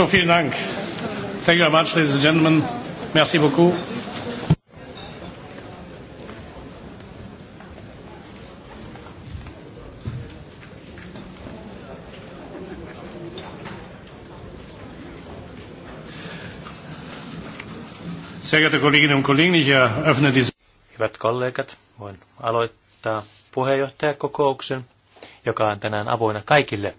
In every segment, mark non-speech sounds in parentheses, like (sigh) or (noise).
So, vielen Dank. Thank you very much, ladies and gentlemen. Merci beaucoup. Sehr geehrte Kolleginnen und Kollegen, ich eröffne diese... Hyvät kollegat, voin aloittaa puheenjohtajakokouksen, joka on tänään avoinna kaikille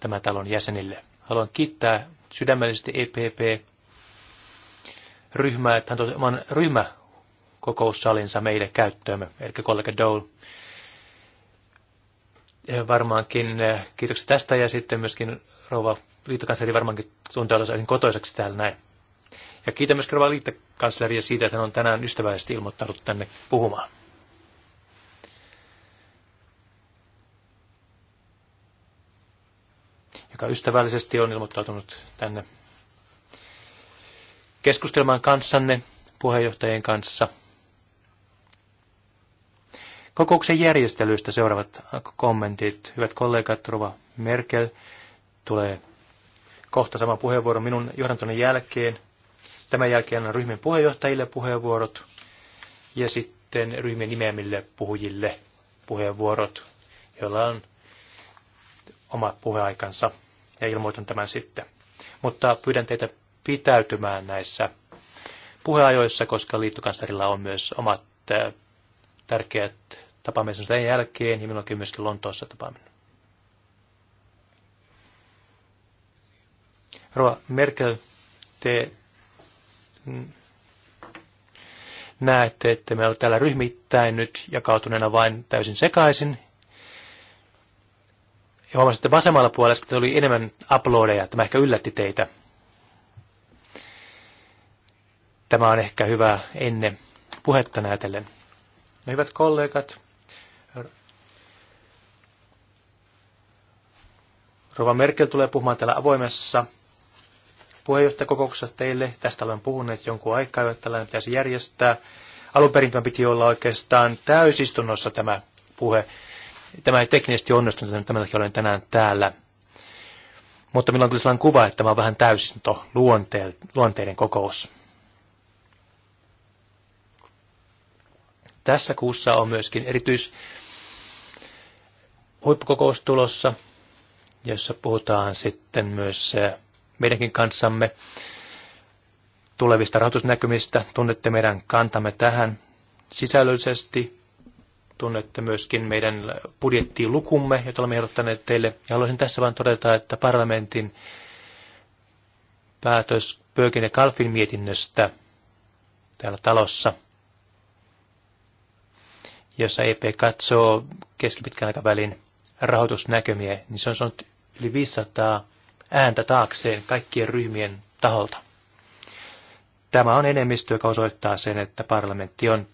tämän talon jäsenille. Haluan kiittää sydämellisesti EPP-ryhmää, että hän oman ryhmäkokoussalinsa meidän käyttöömme, eli kollega Dole. Eh, varmaankin eh, kiitoksia tästä ja sitten myöskin rouva liittokansleri varmaankin tuntee olla kotoiseksi täällä näin. Ja kiitän myös rouva liittokansleria siitä, että hän on tänään ystävällisesti ilmoittanut tänne puhumaan. joka ystävällisesti on ilmoittautunut tänne keskustelemaan kanssanne, puheenjohtajien kanssa. Kokouksen järjestelyistä seuraavat kommentit. Hyvät kollegat, Rova Merkel tulee kohta sama puheenvuoro minun johdantoni jälkeen. Tämän jälkeen on ryhmien puheenjohtajille puheenvuorot ja sitten ryhmien nimeämille puhujille puheenvuorot, joilla on oma puheaikansa ja ilmoitan tämän sitten. Mutta pyydän teitä pitäytymään näissä puheajoissa, koska liittokanslerilla on myös omat tärkeät tapaamisensa tämän jälkeen ja minullakin myöskin Lontoossa tapaaminen. Rova Merkel, te näette, että me ollaan täällä ryhmittäin nyt jakautuneena vain täysin sekaisin ja huomasin, että vasemmalla puolella että oli enemmän uploadeja. Tämä ehkä yllätti teitä. Tämä on ehkä hyvä ennen puhetta näytellen. No, hyvät kollegat, Rova Merkel tulee puhumaan täällä avoimessa puheenjohtajakokouksessa teille. Tästä olen puhunut jonkun aikaa, että tällainen pitäisi järjestää. Alun perin piti olla oikeastaan täysistunnossa tämä puhe, Tämä ei teknisesti onnistunut, tämän takia olen tänään täällä. Mutta minulla on kyllä sellainen kuva, että tämä on vähän täysinto luonteiden kokous. Tässä kuussa on myöskin erityis huippukokous tulossa, jossa puhutaan sitten myös eh, meidänkin kanssamme tulevista rahoitusnäkymistä. Tunnette meidän kantamme tähän sisällöllisesti, tunnette myöskin meidän budjettilukumme, jota olemme ehdottaneet teille. Ja haluaisin tässä vain todeta, että parlamentin päätös Pöökin ja Kalfin mietinnöstä täällä talossa, jossa EP katsoo keskipitkän aikavälin rahoitusnäkömiä, niin se on sanonut yli 500 ääntä taakseen kaikkien ryhmien taholta. Tämä on enemmistö, joka osoittaa sen, että parlamentti on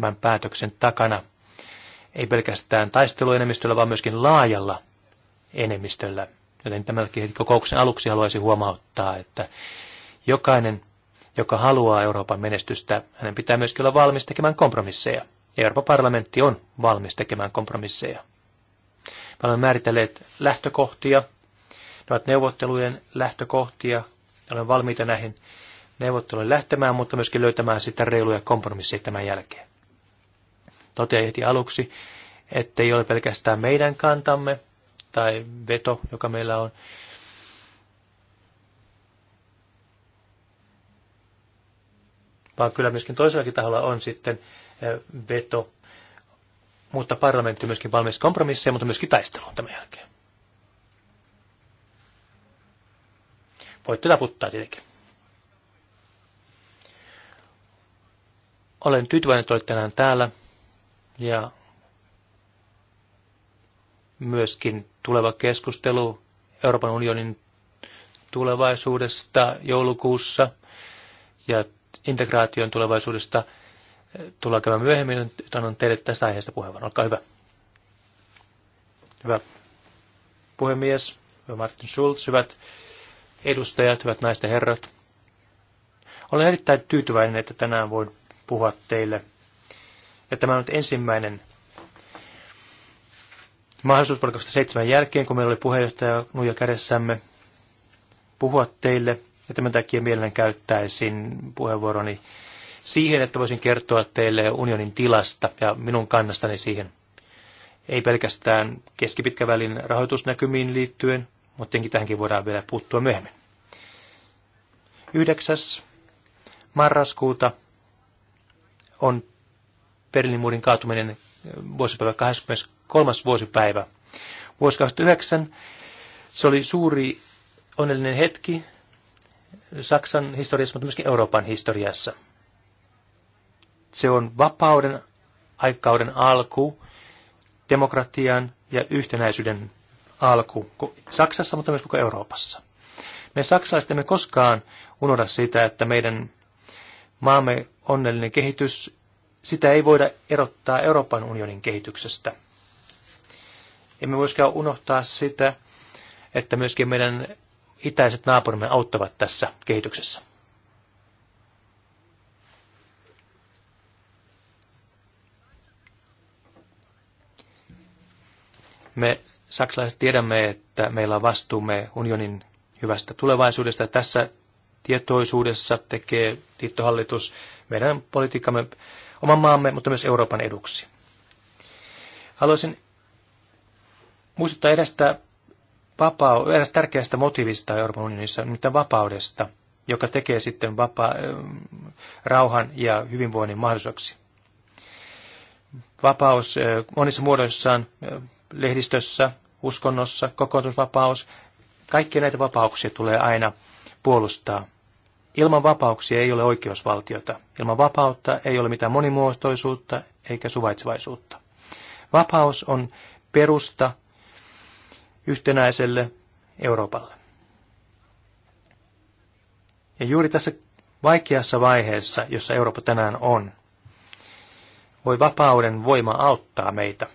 tämän päätöksen takana. Ei pelkästään taisteluenemmistöllä, vaan myöskin laajalla enemmistöllä. Joten tämänkin kokouksen aluksi haluaisin huomauttaa, että jokainen, joka haluaa Euroopan menestystä, hänen pitää myöskin olla valmis tekemään kompromisseja. Ja Euroopan parlamentti on valmis tekemään kompromisseja. Me olemme määritelleet lähtökohtia. Ne ovat neuvottelujen lähtökohtia. Olen valmiita näihin neuvotteluihin lähtemään, mutta myöskin löytämään sitä reiluja kompromisseja tämän jälkeen toteaa heti aluksi, että ei ole pelkästään meidän kantamme tai veto, joka meillä on. Vaan kyllä myöskin toisellakin taholla on sitten eh, veto, mutta parlamentti on myöskin valmis kompromisseja, mutta myöskin taisteluun tämän jälkeen. Voitte taputtaa tietenkin. Olen tyytyväinen, että olette tänään täällä. Ja myöskin tuleva keskustelu Euroopan unionin tulevaisuudesta joulukuussa ja integraation tulevaisuudesta tullaan käymään myöhemmin. Annan teille tästä aiheesta puheenvuoron. Olkaa hyvä. Hyvä puhemies, hyvä Martin Schulz, hyvät edustajat, hyvät naisten herrat. Olen erittäin tyytyväinen, että tänään voin puhua teille – ja tämä on nyt ensimmäinen mahdollisuus vuonna 2007 jälkeen, kun meillä oli puheenjohtaja Nuija kädessämme puhua teille. Ja tämän takia mielelläni käyttäisin puheenvuoroni siihen, että voisin kertoa teille unionin tilasta ja minun kannastani siihen. Ei pelkästään keskipitkävälin rahoitusnäkymiin liittyen, mutta tietenkin tähänkin voidaan vielä puuttua myöhemmin. 9. marraskuuta on Berliinin muurin kaatuminen äh, vuosipäivä 23. vuosipäivä. Vuosi 2009 se oli suuri onnellinen hetki Saksan historiassa, mutta myöskin Euroopan historiassa. Se on vapauden aikauden alku, demokratian ja yhtenäisyyden alku Saksassa, mutta myös koko Euroopassa. Me saksalaiset emme koskaan unohda sitä, että meidän maamme onnellinen kehitys sitä ei voida erottaa Euroopan unionin kehityksestä. Emme myöskään unohtaa sitä, että myöskin meidän itäiset naapurimme auttavat tässä kehityksessä. Me saksalaiset tiedämme, että meillä on vastuumme unionin hyvästä tulevaisuudesta. Tässä tietoisuudessa tekee liittohallitus meidän politiikkamme oman maamme, mutta myös Euroopan eduksi. Haluaisin muistuttaa edestä vapau- eräs tärkeästä motiivista Euroopan unionissa, mitä vapaudesta, joka tekee sitten vapa- rauhan ja hyvinvoinnin mahdolliseksi. Vapaus monissa muodoissaan, lehdistössä, uskonnossa, kokoontumisvapaus, kaikkia näitä vapauksia tulee aina puolustaa Ilman vapauksia ei ole oikeusvaltiota. Ilman vapautta ei ole mitään monimuotoisuutta eikä suvaitsevaisuutta. Vapaus on perusta yhtenäiselle Euroopalle. Ja juuri tässä vaikeassa vaiheessa, jossa Eurooppa tänään on, voi vapauden voima auttaa meitä,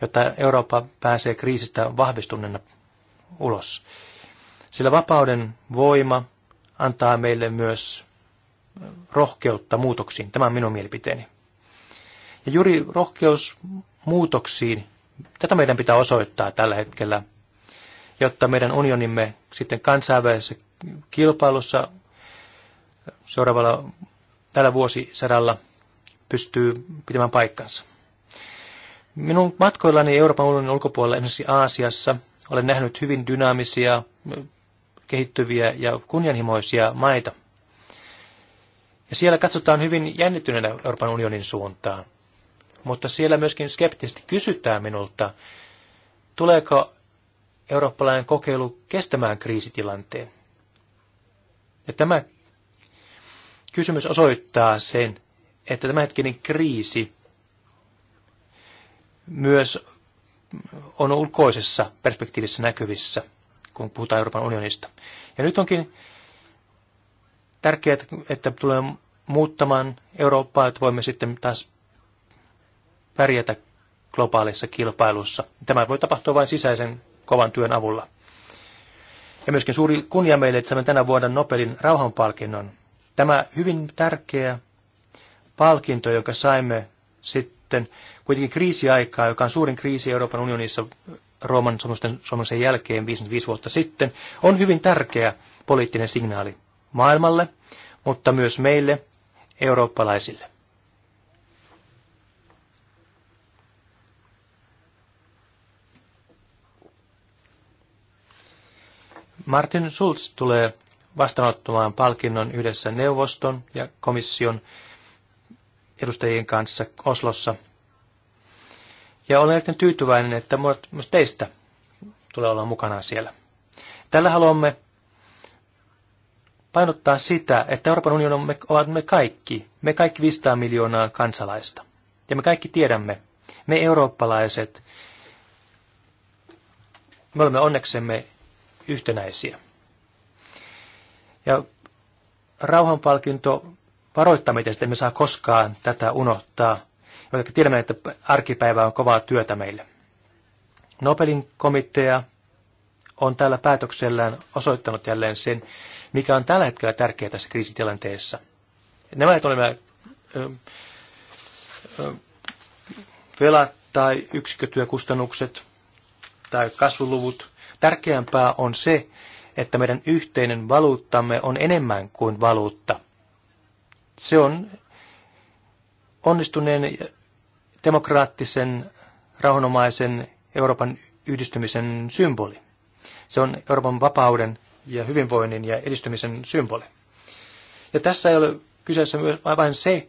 jotta Eurooppa pääsee kriisistä vahvistuneena ulos. Sillä vapauden voima antaa meille myös rohkeutta muutoksiin. Tämä on minun mielipiteeni. Ja juuri rohkeus muutoksiin, tätä meidän pitää osoittaa tällä hetkellä, jotta meidän unionimme sitten kansainvälisessä kilpailussa seuraavalla tällä vuosisadalla pystyy pitämään paikkansa. Minun matkoillani Euroopan unionin ulkopuolella, esimerkiksi Aasiassa, olen nähnyt hyvin dynaamisia kehittyviä ja kunnianhimoisia maita. Ja siellä katsotaan hyvin jännittyneenä Euroopan unionin suuntaan. Mutta siellä myöskin skeptisesti kysytään minulta, tuleeko eurooppalainen kokeilu kestämään kriisitilanteen. Ja tämä kysymys osoittaa sen, että tämänhetkinen kriisi myös on ulkoisessa perspektiivissä näkyvissä – kun puhutaan Euroopan unionista. Ja nyt onkin tärkeää, että tulee muuttamaan Eurooppaa, että voimme sitten taas pärjätä globaalissa kilpailussa. Tämä voi tapahtua vain sisäisen kovan työn avulla. Ja myöskin suuri kunnia meille, että saamme tänä vuonna Nobelin rauhanpalkinnon. Tämä hyvin tärkeä palkinto, jonka saimme sitten kuitenkin kriisiaikaa, joka on suurin kriisi Euroopan unionissa Rooman sopimuksen jälkeen 55 vuotta sitten, on hyvin tärkeä poliittinen signaali maailmalle, mutta myös meille, eurooppalaisille. Martin Schulz tulee vastaanottamaan palkinnon yhdessä neuvoston ja komission edustajien kanssa Oslossa ja olen erittäin tyytyväinen, että myös teistä tulee olla mukana siellä. Tällä haluamme painottaa sitä, että Euroopan unioni ovat me kaikki, me kaikki 500 miljoonaa kansalaista. Ja me kaikki tiedämme, me eurooppalaiset, me olemme onneksemme yhtenäisiä. Ja rauhanpalkinto varoittaa meitä, että emme saa koskaan tätä unohtaa jotka tiedämme, että arkipäivä on kovaa työtä meille. Nobelin komitea on tällä päätöksellään osoittanut jälleen sen, mikä on tällä hetkellä tärkeää tässä kriisitilanteessa. Nämä eivät ole nämä ö, ö, velat tai yksikkötyökustannukset tai kasvuluvut. Tärkeämpää on se, että meidän yhteinen valuuttamme on enemmän kuin valuutta. Se on onnistuneen demokraattisen, rauhanomaisen Euroopan yhdistymisen symboli. Se on Euroopan vapauden ja hyvinvoinnin ja edistymisen symboli. Ja tässä ei ole kyseessä myös vain se,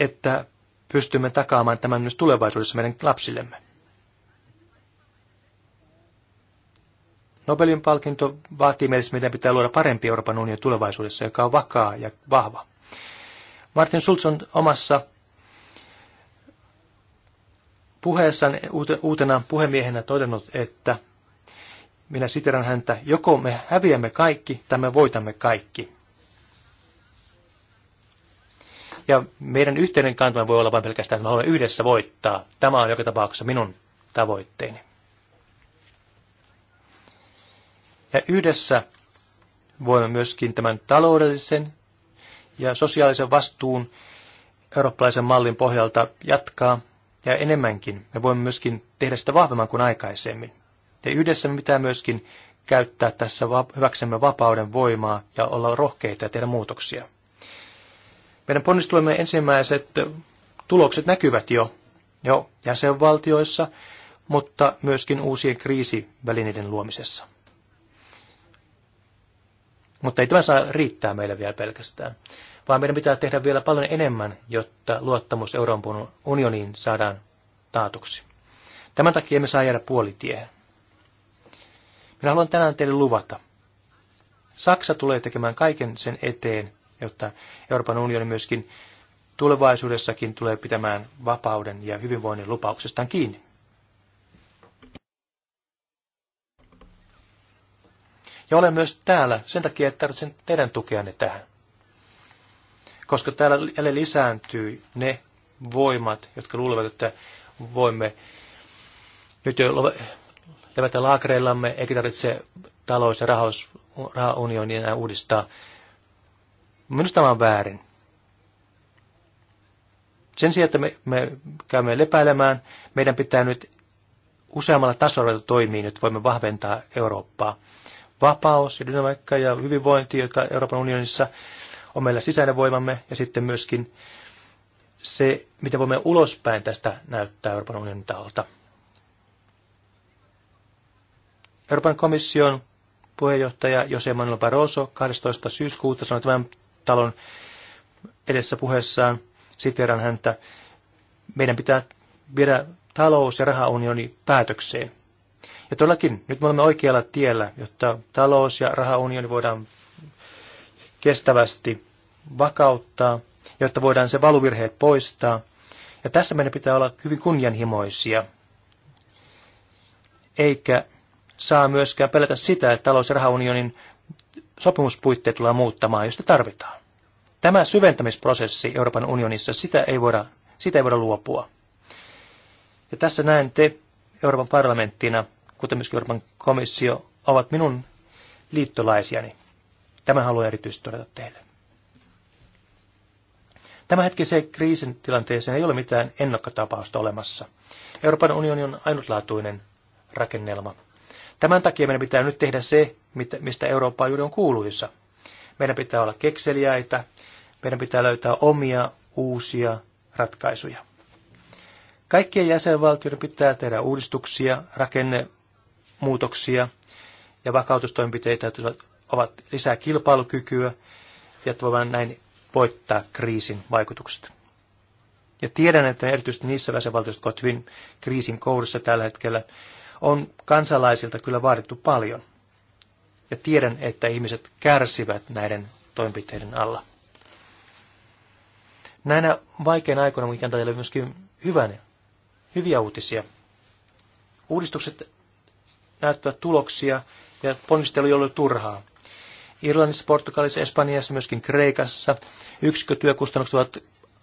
että pystymme takaamaan tämän myös tulevaisuudessa meidän lapsillemme. Nobelin palkinto vaatii meille, että meidän pitää luoda parempi Euroopan unioni tulevaisuudessa, joka on vakaa ja vahva. Martin Schulz on omassa puheessaan uutena puhemiehenä todennut, että minä siteran häntä, joko me häviämme kaikki tai me voitamme kaikki. Ja meidän yhteinen kantamme voi olla vain pelkästään, että me haluamme yhdessä voittaa. Tämä on joka tapauksessa minun tavoitteeni. Ja yhdessä voimme myöskin tämän taloudellisen ja sosiaalisen vastuun eurooppalaisen mallin pohjalta jatkaa ja enemmänkin. Me voimme myöskin tehdä sitä vahvemman kuin aikaisemmin. Ja yhdessä me pitää myöskin käyttää tässä hyväksemme vapauden voimaa ja olla rohkeita ja tehdä muutoksia. Meidän ponnistelumme ensimmäiset tulokset näkyvät jo, jo jäsenvaltioissa, mutta myöskin uusien kriisivälineiden luomisessa. Mutta ei tämä saa riittää meille vielä pelkästään, vaan meidän pitää tehdä vielä paljon enemmän, jotta luottamus Euroopan unioniin saadaan taatuksi. Tämän takia emme saa jäädä puolitiehen. Minä haluan tänään teille luvata. Saksa tulee tekemään kaiken sen eteen, jotta Euroopan unioni myöskin tulevaisuudessakin tulee pitämään vapauden ja hyvinvoinnin lupauksestaan kiinni. Ja olen myös täällä sen takia, että tarvitsen teidän tukeanne tähän. Koska täällä jälleen lisääntyy ne voimat, jotka luulevat, että voimme nyt jo levätä laakereillamme, eikä tarvitse talous- ja rahaus, enää uudistaa. Minusta tämä on väärin. Sen sijaan, että me, me käymme lepäilemään, meidän pitää nyt useammalla tasolla toimia, että voimme vahventaa Eurooppaa vapaus ja dynamiikka ja hyvinvointi, joka Euroopan unionissa on meillä sisäinen voimamme, ja sitten myöskin se, mitä voimme ulospäin tästä näyttää Euroopan unionin taholta. Euroopan komission puheenjohtaja Jose Manuel Barroso 12. syyskuuta sanoi tämän talon edessä puheessaan, siteeran häntä, meidän pitää viedä talous- ja rahaunioni päätökseen. Ja todellakin nyt me olemme oikealla tiellä, jotta talous- ja rahaunioni voidaan kestävästi vakauttaa, jotta voidaan se valuvirheet poistaa. Ja tässä meidän pitää olla hyvin kunnianhimoisia, eikä saa myöskään pelätä sitä, että talous- ja rahaunionin sopimuspuitteet tullaan muuttamaan, jos sitä tarvitaan. Tämä syventämisprosessi Euroopan unionissa, sitä ei voida, sitä ei voida luopua. Ja tässä näen te Euroopan parlamenttina kuten myös Euroopan komissio, ovat minun liittolaisiani. Tämä haluan erityisesti todeta teille. Tämä hetki se kriisin tilanteeseen ei ole mitään ennakkotapausta olemassa. Euroopan unioni on ainutlaatuinen rakennelma. Tämän takia meidän pitää nyt tehdä se, mistä Eurooppaa juuri on kuuluisa. Meidän pitää olla kekseliäitä, meidän pitää löytää omia uusia ratkaisuja. Kaikkien jäsenvaltioiden pitää tehdä uudistuksia rakenne- muutoksia ja vakautustoimenpiteitä, jotka ovat lisää kilpailukykyä ja että voidaan näin voittaa kriisin vaikutukset. Ja tiedän, että erityisesti niissä väsenvaltioissa, jotka ovat hyvin kriisin kourissa tällä hetkellä, on kansalaisilta kyllä vaadittu paljon. Ja tiedän, että ihmiset kärsivät näiden toimenpiteiden alla. Näinä vaikeina aikoina mikä antaa teille myöskin hyvän, hyviä uutisia. Uudistukset näyttää tuloksia ja ponnistelu ei ollut turhaa. Irlannissa, Portugalissa, Espanjassa, myöskin Kreikassa yksikkötyökustannukset ovat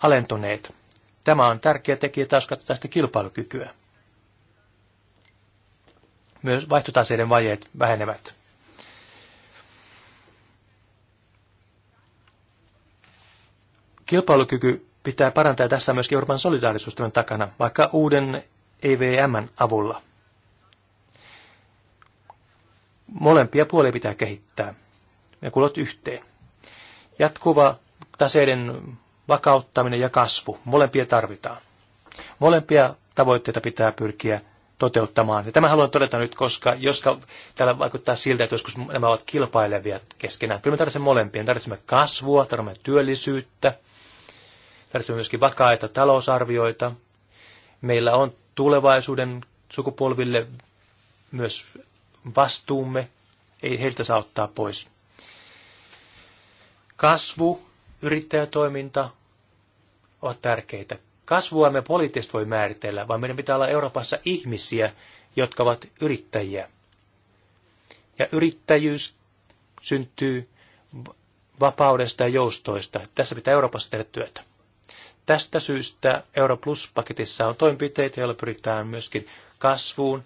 alentuneet. Tämä on tärkeä tekijä taas katsotaan sitä kilpailukykyä. Myös vaihtotaseiden vajeet vähenevät. Kilpailukyky pitää parantaa tässä myöskin Euroopan solidaarisuustyön takana, vaikka uuden EVMn avulla – molempia puolia pitää kehittää Ne kulot yhteen. Jatkuva taseiden vakauttaminen ja kasvu, molempia tarvitaan. Molempia tavoitteita pitää pyrkiä toteuttamaan. Ja tämän haluan todeta nyt, koska jos täällä vaikuttaa siltä, että joskus nämä ovat kilpailevia keskenään. Kyllä me tarvitsemme molempia. Me tarvitsemme kasvua, tarvitsemme työllisyyttä, tarvitsemme myöskin vakaita talousarvioita. Meillä on tulevaisuuden sukupolville myös vastuumme, ei heiltä saa ottaa pois. Kasvu, yrittäjätoiminta ovat tärkeitä. Kasvua me poliittisesti voi määritellä, vaan meidän pitää olla Euroopassa ihmisiä, jotka ovat yrittäjiä. Ja yrittäjyys syntyy vapaudesta ja joustoista. Tässä pitää Euroopassa tehdä työtä. Tästä syystä Europlus-paketissa on toimenpiteitä, joilla pyritään myöskin kasvuun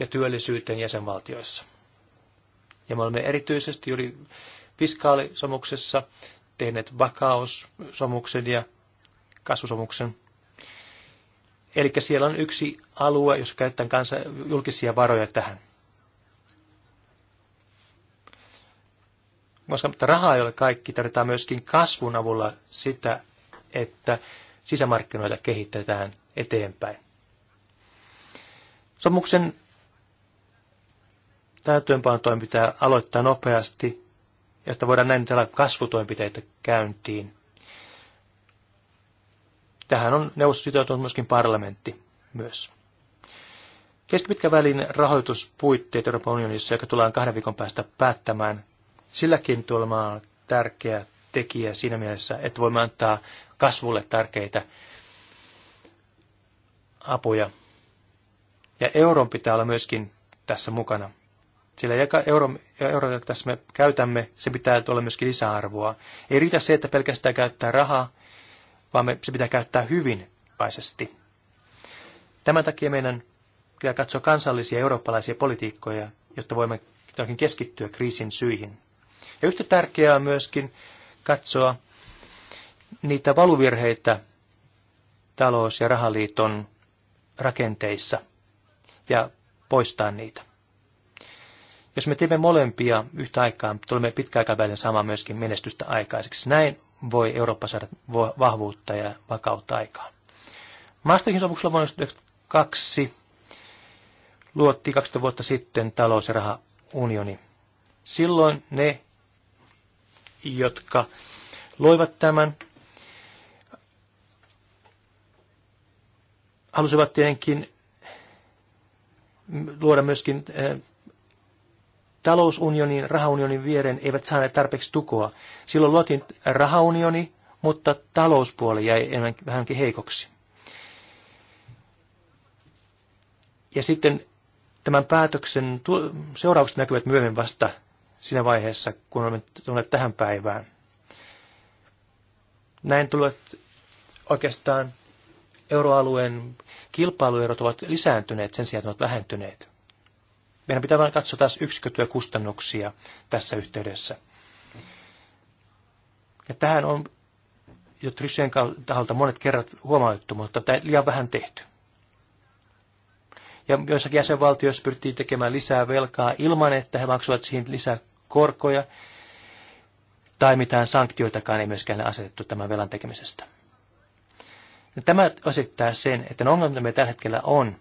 ja työllisyyteen jäsenvaltioissa. Ja me olemme erityisesti juuri fiskaalisomuksessa tehneet vakaussomuksen ja kasvusomuksen. Eli siellä on yksi alue, jossa käytetään kansa, julkisia varoja tähän. Koska rahaa ei ole kaikki, tarvitaan myöskin kasvun avulla sitä, että sisämarkkinoita kehitetään eteenpäin. Sopimuksen täytäntöönpanotoimi pitää aloittaa nopeasti, jotta voidaan näin tällä kasvutoimenpiteitä käyntiin. Tähän on neuvosto sitoutunut myöskin parlamentti myös. Keskipitkän välin rahoituspuitteet Euroopan unionissa, joka tullaan kahden viikon päästä päättämään, silläkin on tärkeä tekijä siinä mielessä, että voimme antaa kasvulle tärkeitä apuja. Ja euron pitää olla myöskin tässä mukana. Sillä euro, euro jota tässä me käytämme, se pitää olla myöskin lisäarvoa. Ei riitä se, että pelkästään käyttää rahaa, vaan me, se pitää käyttää hyvin vaisesti. Tämän takia meidän pitää katsoa kansallisia eurooppalaisia politiikkoja, jotta voimme keskittyä kriisin syihin. Ja yhtä tärkeää on myöskin katsoa niitä valuvirheitä talous- ja rahaliiton rakenteissa ja poistaa niitä. Jos me teemme molempia yhtä aikaa, tulemme pitkäaikavälin saamaan myöskin menestystä aikaiseksi. Näin voi Eurooppa saada vahvuutta ja vakautta aikaan. Maastrichtin sopimuksella vuonna 1992 luotti 20 vuotta sitten talous- ja rahaunioni. Silloin ne, jotka loivat tämän, halusivat tietenkin luoda myöskin eh, talousunionin, rahaunionin vieren eivät saaneet tarpeeksi tukoa. Silloin luotiin rahaunioni, mutta talouspuoli jäi enemmän, vähänkin heikoksi. Ja sitten tämän päätöksen seuraukset näkyvät myöhemmin vasta siinä vaiheessa, kun olemme tulleet tähän päivään. Näin tulevat oikeastaan euroalueen kilpailuerot ovat lisääntyneet sen sijaan, että ovat vähentyneet. Meidän pitää vain katsoa taas kustannuksia tässä yhteydessä. Ja tähän on jo Tryssien taholta monet kerrat huomautettu, mutta tämä liian vähän tehty. Ja joissakin jäsenvaltioissa pyrittiin tekemään lisää velkaa ilman, että he maksuvat siihen lisää korkoja, tai mitään sanktioitakaan ei myöskään ole asetettu tämän velan tekemisestä. Ja tämä osittaa sen, että no ongelma, mitä meillä tällä hetkellä on,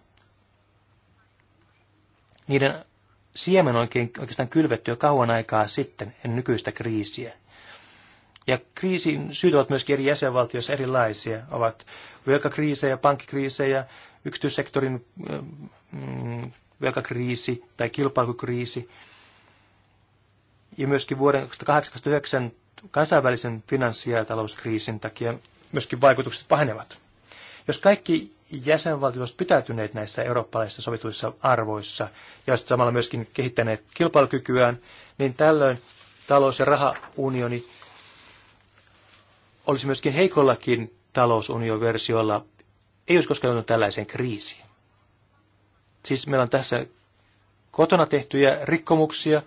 niiden siemen oikein, oikeastaan kylvetty jo kauan aikaa sitten, ennen nykyistä kriisiä. Ja kriisin syyt ovat myöskin eri jäsenvaltioissa erilaisia. Ovat velkakriisejä, pankkikriisejä, yksityissektorin mm, velkakriisi tai kilpailukriisi. Ja myöskin vuoden 2008 kansainvälisen finanssi- ja talouskriisin takia myöskin vaikutukset pahenevat. Jos kaikki jäsenvaltiot pitäytyneet näissä eurooppalaisissa sovituissa arvoissa ja olisivat samalla myöskin kehittäneet kilpailukykyään, niin tällöin talous- ja rahaunioni olisi myöskin heikollakin talousunioversiolla, ei olisi koskaan joutunut tällaiseen kriisiin. Siis meillä on tässä kotona tehtyjä rikkomuksia,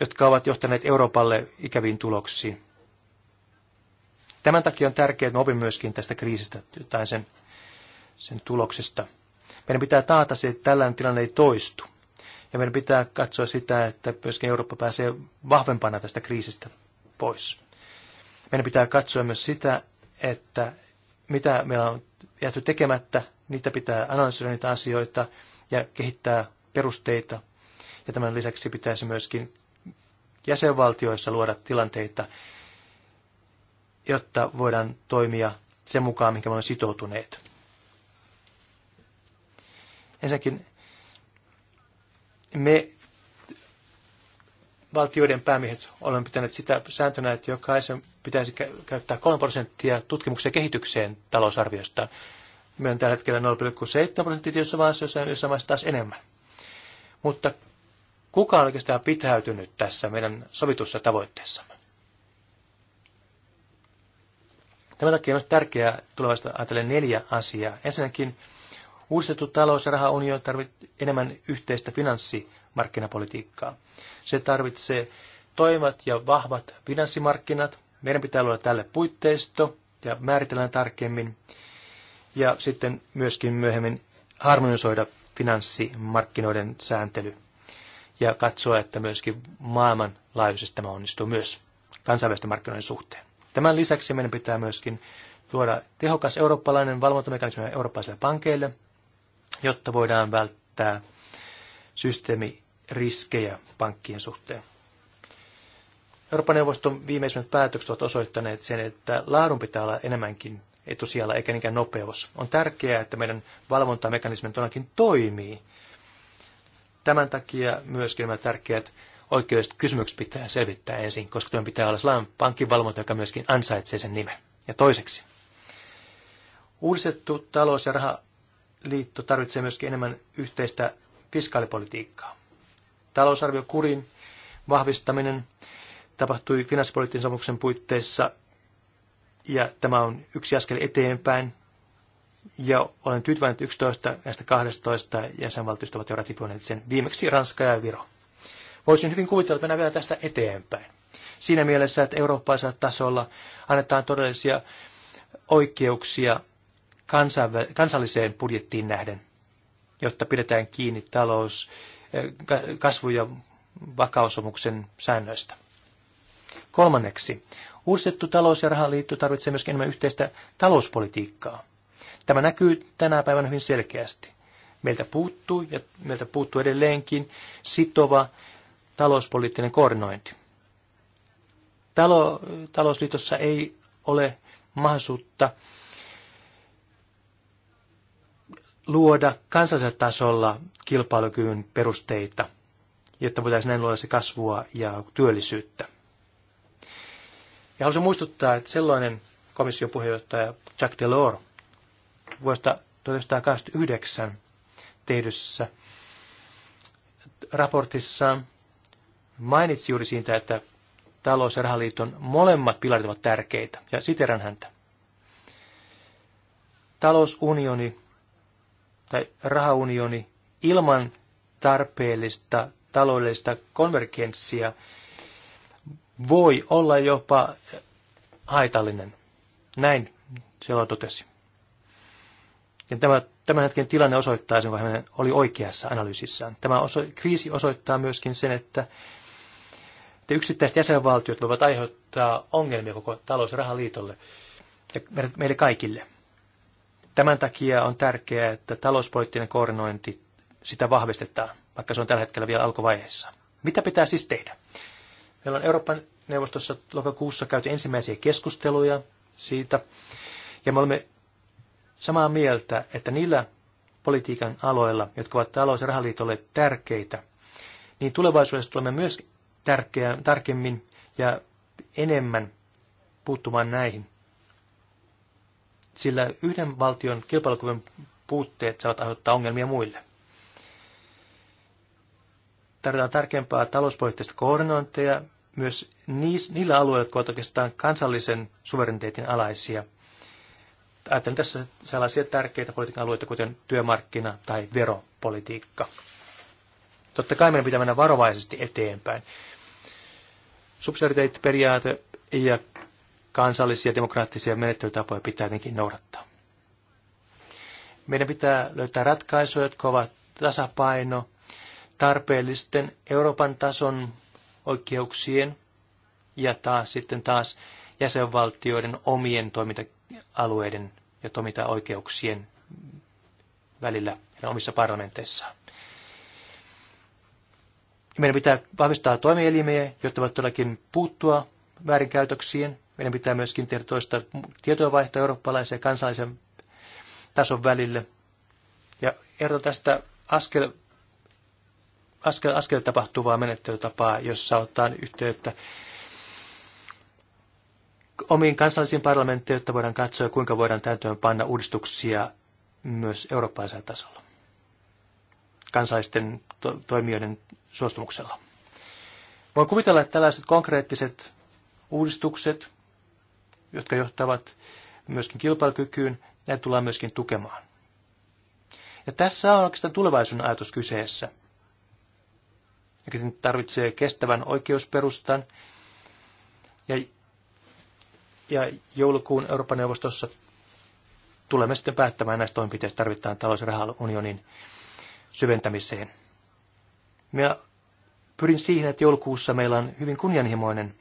jotka ovat johtaneet Euroopalle ikäviin tuloksiin. Tämän takia on tärkeää, että me opimme myöskin tästä kriisistä jotain sen sen tuloksista. Meidän pitää taata se, että tällainen tilanne ei toistu. Ja meidän pitää katsoa sitä, että myöskin Eurooppa pääsee vahvempana tästä kriisistä pois. Meidän pitää katsoa myös sitä, että mitä meillä on jääty tekemättä, niitä pitää analysoida niitä asioita ja kehittää perusteita. Ja tämän lisäksi pitäisi myöskin jäsenvaltioissa luoda tilanteita, jotta voidaan toimia sen mukaan, mikä me olemme sitoutuneet. Ensinnäkin me valtioiden päämiehet olemme pitäneet sitä sääntönä, että jokaisen pitäisi käyttää 3 prosenttia tutkimukseen ja kehitykseen talousarviosta. Me on tällä hetkellä 0,7 prosenttia jossain maassa, jossain maassa taas enemmän. Mutta kuka on oikeastaan pitäytynyt tässä meidän sovitussa tavoitteessamme? Tämän takia on tärkeää tulevaisuudessa ajatella neljä asiaa. Ensinnäkin Uudistettu talous- ja rahaunioon tarvitsee enemmän yhteistä finanssimarkkinapolitiikkaa. Se tarvitsee toimivat ja vahvat finanssimarkkinat. Meidän pitää luoda tälle puitteisto ja määritellään tarkemmin. Ja sitten myöskin myöhemmin harmonisoida finanssimarkkinoiden sääntely ja katsoa, että myöskin maailmanlaajuisesti tämä onnistuu myös kansainvälisten markkinoiden suhteen. Tämän lisäksi meidän pitää myöskin luoda tehokas eurooppalainen valvontamekanismi eurooppalaisille pankeille, jotta voidaan välttää systeemiriskejä pankkien suhteen. Euroopan neuvoston viimeisimmät päätökset ovat osoittaneet sen, että laadun pitää olla enemmänkin etusijalla eikä niinkään nopeus. On tärkeää, että meidän valvontamekanismi todellakin toimii. Tämän takia myöskin nämä tärkeät oikeudelliset kysymykset pitää selvittää ensin, koska tämän pitää olla sellainen pankkivalvonta, joka myöskin ansaitsee sen nimen. Ja toiseksi, uudistettu talous- ja raha liitto tarvitsee myöskin enemmän yhteistä fiskaalipolitiikkaa. Talousarviokurin vahvistaminen tapahtui finanssipoliittisen sopimuksen puitteissa ja tämä on yksi askel eteenpäin. Ja olen tyytyväinen, että 11 näistä 12 jäsenvaltiosta ovat jo ratifioineet sen viimeksi Ranska ja Viro. Voisin hyvin kuvitella, että mennään vielä tästä eteenpäin. Siinä mielessä, että eurooppalaisella tasolla annetaan todellisia oikeuksia kansalliseen budjettiin nähden, jotta pidetään kiinni talous, kasvu- ja vakausomuksen säännöistä. Kolmanneksi, uusittu talous- ja rahaliitto tarvitsee myöskin enemmän yhteistä talouspolitiikkaa. Tämä näkyy tänä päivänä hyvin selkeästi. Meiltä puuttuu, ja meiltä puuttuu edelleenkin, sitova talouspoliittinen koordinointi. Talo, talousliitossa ei ole mahdollisuutta luoda kansallisella tasolla kilpailukyvyn perusteita, jotta voitaisiin näin luoda se kasvua ja työllisyyttä. Ja haluaisin muistuttaa, että sellainen komission puheenjohtaja Jack Delors vuodesta 1989 tehdyssä raportissa mainitsi juuri siitä, että talous- ja rahaliiton molemmat pilarit ovat tärkeitä, ja siteran häntä. Talousunioni tai rahaunioni ilman tarpeellista taloudellista konvergenssia voi olla jopa haitallinen. Näin Selo totesi. Ja tämä, tämän hetken tilanne osoittaa sen, vaikka hän oli oikeassa analyysissään. Tämä oso, kriisi osoittaa myöskin sen, että, että yksittäiset jäsenvaltiot voivat aiheuttaa ongelmia koko talous- ja rahaliitolle ja meille kaikille – Tämän takia on tärkeää, että talouspoliittinen koordinointi sitä vahvistetaan, vaikka se on tällä hetkellä vielä alkuvaiheessa. Mitä pitää siis tehdä? Meillä on Euroopan neuvostossa lokakuussa käyty ensimmäisiä keskusteluja siitä, ja me olemme samaa mieltä, että niillä politiikan aloilla, jotka ovat talous- ja rahaliitolle tärkeitä, niin tulevaisuudessa tulemme myös tärkeä, tarkemmin ja enemmän puuttumaan näihin sillä yhden valtion kilpailukyvyn puutteet saavat aiheuttaa ongelmia muille. Tarvitaan tärkeämpää talouspoliittista koordinointia myös niillä alueilla, jotka ovat oikeastaan kansallisen suvereniteetin alaisia. Ajattelen tässä sellaisia tärkeitä politiikan alueita, kuten työmarkkina- tai veropolitiikka. Totta kai meidän pitää mennä varovaisesti eteenpäin. Subsidiariteettiperiaate ja kansallisia demokraattisia menettelytapoja pitää jotenkin noudattaa. Meidän pitää löytää ratkaisuja, jotka ovat tasapaino tarpeellisten Euroopan tason oikeuksien ja taas sitten taas jäsenvaltioiden omien toiminta-alueiden ja toimintaoikeuksien välillä ja omissa parlamenteissaan. Meidän pitää vahvistaa toimielimiä, jotta voivat todellakin puuttua väärinkäytöksiin. Meidän pitää myöskin tehdä toista vaihtaa eurooppalaisen ja kansallisen tason välille. Ja ehdotan tästä askel, askel, askel tapahtuvaa menettelytapaa, jossa ottaa yhteyttä omiin kansallisiin parlamentteihin, jotta voidaan katsoa, kuinka voidaan täytöön panna uudistuksia myös eurooppalaisella tasolla kansallisten to- toimijoiden suostumuksella. Voin kuvitella, että tällaiset konkreettiset uudistukset, jotka johtavat myöskin kilpailukykyyn, näitä tullaan myöskin tukemaan. Ja tässä on oikeastaan tulevaisuuden ajatus kyseessä, joka tarvitsee kestävän oikeusperustan. Ja, ja joulukuun Euroopan neuvostossa tulemme sitten päättämään näistä toimenpiteistä tarvittaan talous- ja unionin syventämiseen. Minä pyrin siihen, että joulukuussa meillä on hyvin kunnianhimoinen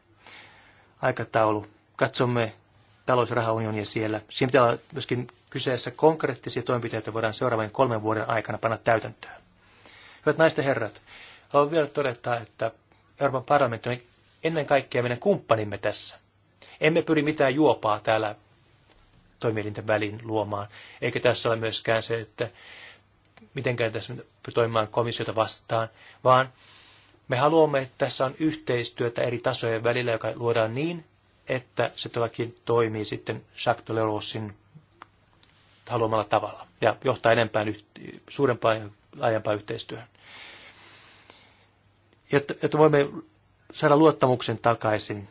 aikataulu. Katsomme talousrahaunionia siellä. Siinä pitää olla myöskin kyseessä konkreettisia toimenpiteitä, voidaan seuraavien kolmen vuoden aikana panna täytäntöön. Hyvät naisten herrat, haluan vielä todeta, että Euroopan parlamentti on ennen kaikkea meidän kumppanimme tässä. Emme pyri mitään juopaa täällä toimielinten väliin luomaan, eikä tässä ole myöskään se, että mitenkään tässä toimimaan komissiota vastaan, vaan me haluamme, että tässä on yhteistyötä eri tasojen välillä, joka luodaan niin, että se todellakin toimii sitten Jacques Delorsin haluamalla tavalla ja johtaa enempään suurempaan ja laajempaan yhteistyöhön. Jotta, jotta voimme saada luottamuksen takaisin,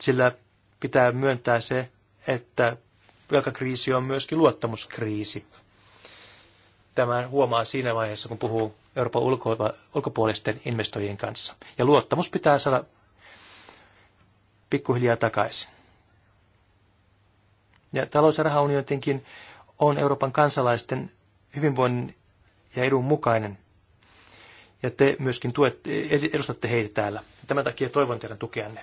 sillä pitää myöntää se, että velkakriisi on myöskin luottamuskriisi. Tämän huomaa siinä vaiheessa, kun puhuu Euroopan ulko- ulkopuolisten investoijien kanssa. Ja luottamus pitää saada pikkuhiljaa takaisin. Ja talous- ja rahaunioitinkin on Euroopan kansalaisten hyvinvoinnin ja edun mukainen. Ja te myöskin tuet, edustatte heitä täällä. Tämän takia toivon teidän tukeanne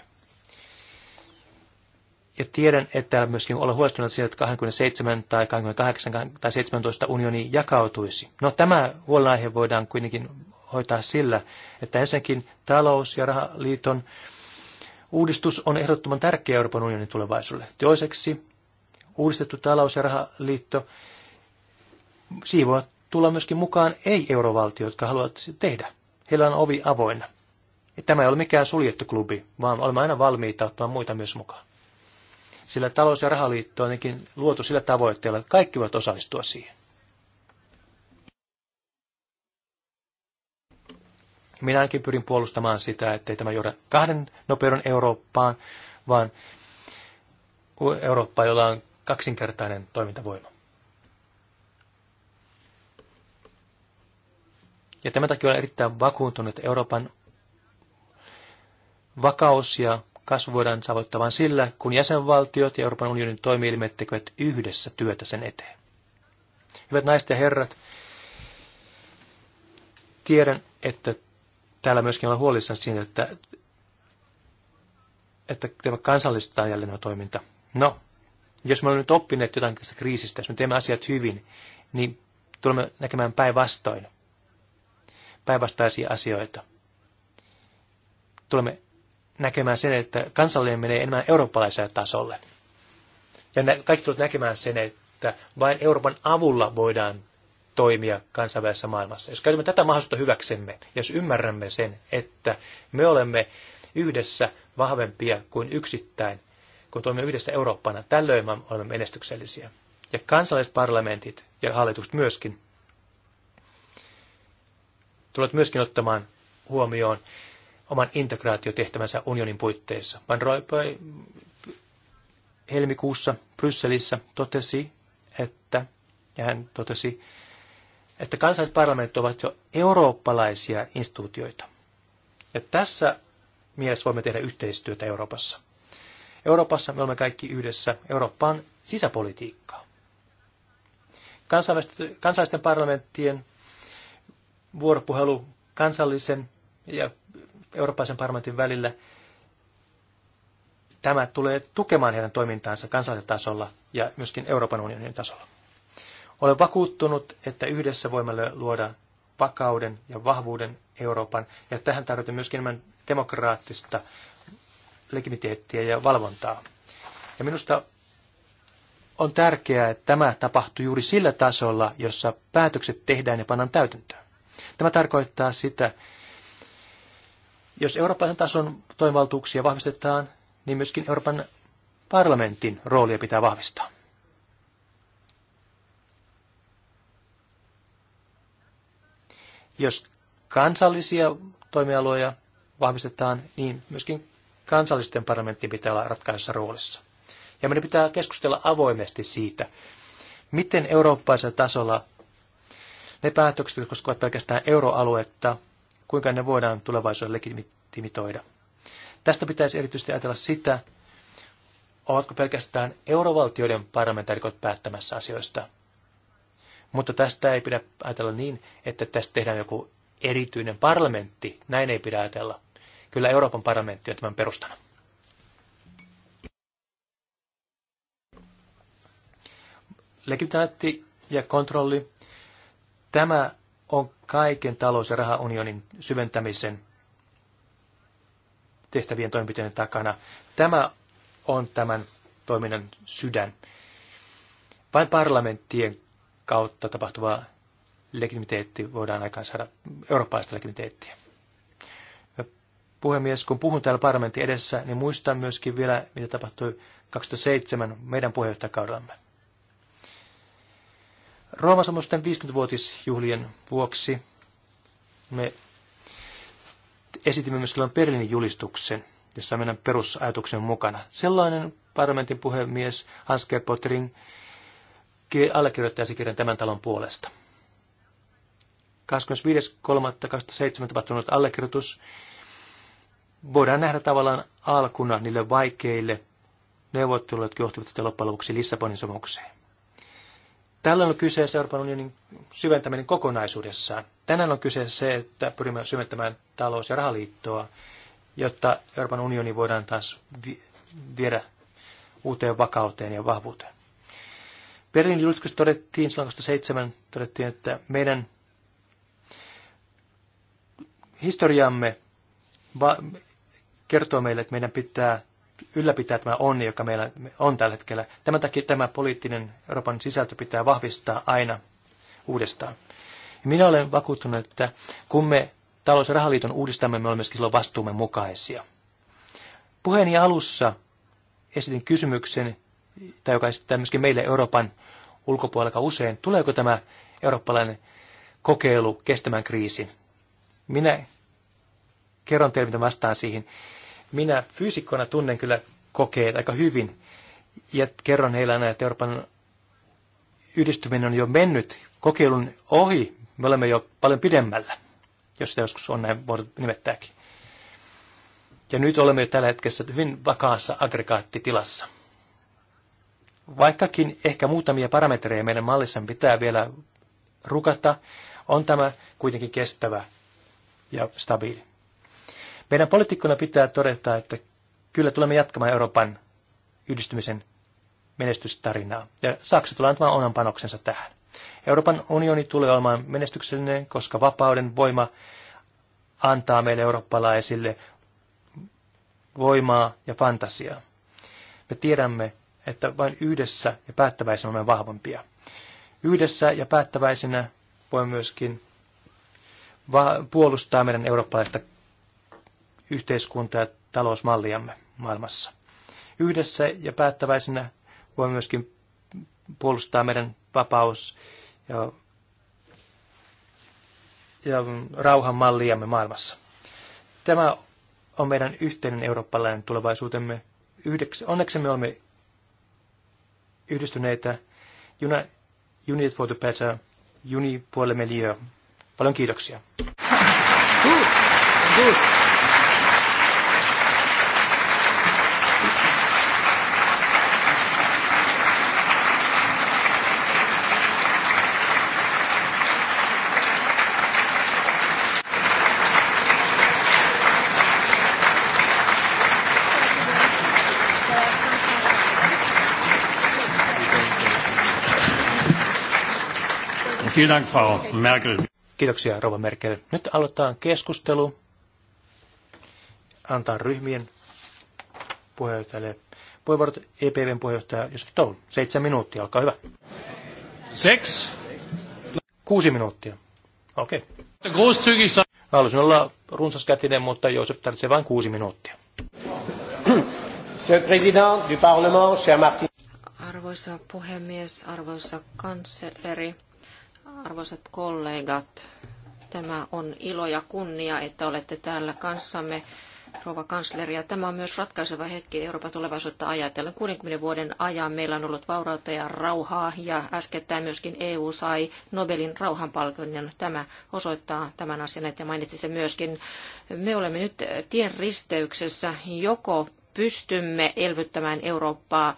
ja tiedän, että myöskin olla huolestunut siitä, että 27 tai 28 tai 17 unioni jakautuisi. No tämä huolenaihe voidaan kuitenkin hoitaa sillä, että ensinnäkin talous- ja rahaliiton uudistus on ehdottoman tärkeä Euroopan unionin tulevaisuudelle. Toiseksi uudistettu talous- ja rahaliitto siivoo tulla myöskin mukaan ei-eurovaltio, jotka haluavat tehdä. Heillä on ovi avoinna. Tämä ei ole mikään suljettu klubi, vaan olemme aina valmiita ottamaan muita myös mukaan sillä talous- ja rahaliitto on ainakin luotu sillä tavoitteella, että kaikki voivat osallistua siihen. Minä ainakin pyrin puolustamaan sitä, ettei tämä johda kahden nopeuden Eurooppaan, vaan Eurooppa, jolla on kaksinkertainen toimintavoima. Ja tämän takia olen erittäin vakuuntunut, että Euroopan vakaus ja kasvu voidaan saavuttaa vain sillä, kun jäsenvaltiot ja Euroopan unionin toimielimet tekevät yhdessä työtä sen eteen. Hyvät naiset ja herrat, tiedän, että täällä myöskin ollaan huolissaan siitä, että, että tämä kansallistetaan jälleen tämä toiminta. No, jos me olemme nyt oppineet jotain tästä kriisistä, jos me teemme asiat hyvin, niin tulemme näkemään päinvastoin, päinvastaisia asioita. Tulemme näkemään sen, että kansallinen menee enemmän eurooppalaiselle tasolle. Ja kaikki tulevat näkemään sen, että vain Euroopan avulla voidaan toimia kansainvälisessä maailmassa. Jos käytämme tätä mahdollisuutta hyväksemme, jos ymmärrämme sen, että me olemme yhdessä vahvempia kuin yksittäin, kun toimimme yhdessä Eurooppana, tällöin me olemme menestyksellisiä. Ja kansalliset parlamentit ja hallitukset myöskin tulevat myöskin ottamaan huomioon oman integraatiotehtävänsä unionin puitteissa. Van Rompuy helmikuussa Brysselissä totesi, että, ja hän totesi, että kansalliset parlamentit ovat jo eurooppalaisia instituutioita. Ja tässä mielessä voimme tehdä yhteistyötä Euroopassa. Euroopassa me olemme kaikki yhdessä. Eurooppaan sisäpolitiikkaa. Kansainvälisten, kansallisten parlamenttien vuoropuhelu kansallisen ja Euroopan parlamentin välillä, tämä tulee tukemaan heidän toimintaansa kansallisella tasolla ja myöskin Euroopan unionin tasolla. Olen vakuuttunut, että yhdessä voimme luoda vakauden ja vahvuuden Euroopan, ja tähän tarvitaan myöskin enemmän demokraattista legitimiteettiä ja valvontaa. Ja minusta on tärkeää, että tämä tapahtuu juuri sillä tasolla, jossa päätökset tehdään ja pannaan täytäntöön. Tämä tarkoittaa sitä, jos Euroopan tason toimivaltuuksia vahvistetaan, niin myöskin Euroopan parlamentin roolia pitää vahvistaa. Jos kansallisia toimialoja vahvistetaan, niin myöskin kansallisten parlamenttien pitää olla ratkaisussa roolissa. Ja meidän pitää keskustella avoimesti siitä, miten eurooppalaisella tasolla ne päätökset, jotka koskevat pelkästään euroaluetta, kuinka ne voidaan tulevaisuudessa legitimitoida. Tästä pitäisi erityisesti ajatella sitä, ovatko pelkästään eurovaltioiden parlamentaarikot päättämässä asioista. Mutta tästä ei pidä ajatella niin, että tästä tehdään joku erityinen parlamentti. Näin ei pidä ajatella. Kyllä Euroopan parlamentti on tämän perustana. Legitimaatti ja kontrolli. Tämä on kaiken talous- ja rahaunionin syventämisen tehtävien toimenpiteiden takana. Tämä on tämän toiminnan sydän. Vain parlamenttien kautta tapahtuva legitimiteetti voidaan aikaan saada eurooppalaista legitimiteettiä. Puhemies, kun puhun täällä parlamentin edessä, niin muistan myöskin vielä, mitä tapahtui 2007 meidän puheenjohtajakaudellamme. Rooman sopimusten 50-vuotisjuhlien vuoksi me esitimme myös silloin Berliinin julistuksen, jossa meidän perusajatuksen mukana. Sellainen parlamentin puhemies Hans G. allekirjoittaisi kirjan tämän talon puolesta. 25.3.2007 tapahtunut allekirjoitus voidaan nähdä tavallaan alkuna niille vaikeille neuvotteluille, jotka johtivat sitten loppujen lopuksi Lissabonin sopimukseen. Tällöin on kyseessä Euroopan unionin syventäminen kokonaisuudessaan. Tänään on kyseessä se, että pyrimme syventämään talous- ja rahaliittoa, jotta Euroopan unioni voidaan taas viedä uuteen vakauteen ja vahvuuteen. Berliinin julistuksessa todettiin, silloin 2007 todettiin, että meidän historiamme kertoo meille, että meidän pitää ylläpitää tämä onni, joka meillä on tällä hetkellä. Tämän takia tämä poliittinen Euroopan sisältö pitää vahvistaa aina uudestaan. Minä olen vakuuttunut, että kun me talous- ja rahaliiton uudistamme, me olemme myöskin silloin vastuumme mukaisia. Puheeni alussa esitin kysymyksen, tai joka esittää myöskin meille Euroopan ulkopuolella usein, tuleeko tämä eurooppalainen kokeilu kestämään kriisin. Minä kerron teille, mitä vastaan siihen minä fyysikkona tunnen kyllä kokeet aika hyvin ja kerron heillä aina, että Euroopan yhdistyminen on jo mennyt kokeilun ohi. Me olemme jo paljon pidemmällä, jos sitä joskus on näin voinut nimettääkin. Ja nyt olemme jo tällä hetkessä hyvin vakaassa aggregaattitilassa. Vaikkakin ehkä muutamia parametreja meidän mallissa pitää vielä rukata, on tämä kuitenkin kestävä ja stabiili. Meidän poliitikkoina pitää todeta, että kyllä tulemme jatkamaan Euroopan yhdistymisen menestystarinaa. Ja Saksa tulee antamaan oman panoksensa tähän. Euroopan unioni tulee olemaan menestyksellinen, koska vapauden voima antaa meille eurooppalaisille voimaa ja fantasiaa. Me tiedämme, että vain yhdessä ja päättäväisenä olemme vahvempia. Yhdessä ja päättäväisenä voi myöskin puolustaa meidän eurooppalaista yhteiskuntaa ja talousmalliamme maailmassa. Yhdessä ja päättäväisenä voimme myöskin puolustaa meidän vapaus- ja, ja rauhanmalliamme maailmassa. Tämä on meidän yhteinen eurooppalainen tulevaisuutemme. Yhdeksi, onneksi me olemme yhdistyneitä Unit for the Better, Uni pour le Paljon kiitoksia. Good. Good. Vielen Frau Merkel. Kiitoksia, Rova Merkel. Nyt aloitetaan keskustelu. Antaa ryhmien puheenjohtajalle puheenvuorot EPVn puheenjohtaja Josef Toul. Seitsemän minuuttia, olkaa hyvä. Seks? Kuusi minuuttia. Okei. Okay. Haluaisin olla runsaskätinen, mutta Josef tarvitsee vain kuusi minuuttia. Monsieur du Parlement, cher Martin. Arvoisa puhemies, arvoisa kansleri, Arvoisat kollegat, tämä on ilo ja kunnia, että olette täällä kanssamme, rouva kansleri. Ja tämä on myös ratkaiseva hetki Euroopan tulevaisuutta ajatellen. 60 vuoden ajan meillä on ollut vaurautta ja rauhaa, ja äskettäin myöskin EU sai Nobelin rauhanpalkinnon. Tämä osoittaa tämän asian, että mainitsi se myöskin. Me olemme nyt tien risteyksessä joko pystymme elvyttämään Eurooppaa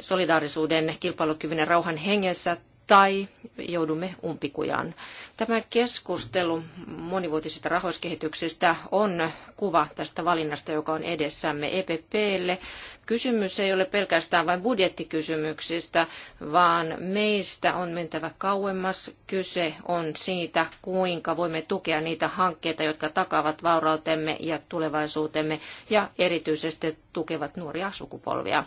solidaarisuuden, kilpailukyvyn ja rauhan hengessä, tai joudumme umpikujaan. Tämä keskustelu monivuotisesta rahoiskehityksestä on kuva tästä valinnasta, joka on edessämme EPPlle. Kysymys ei ole pelkästään vain budjettikysymyksistä, vaan meistä on mentävä kauemmas. Kyse on siitä, kuinka voimme tukea niitä hankkeita, jotka takaavat vaurautemme ja tulevaisuutemme ja erityisesti tukevat nuoria sukupolvia.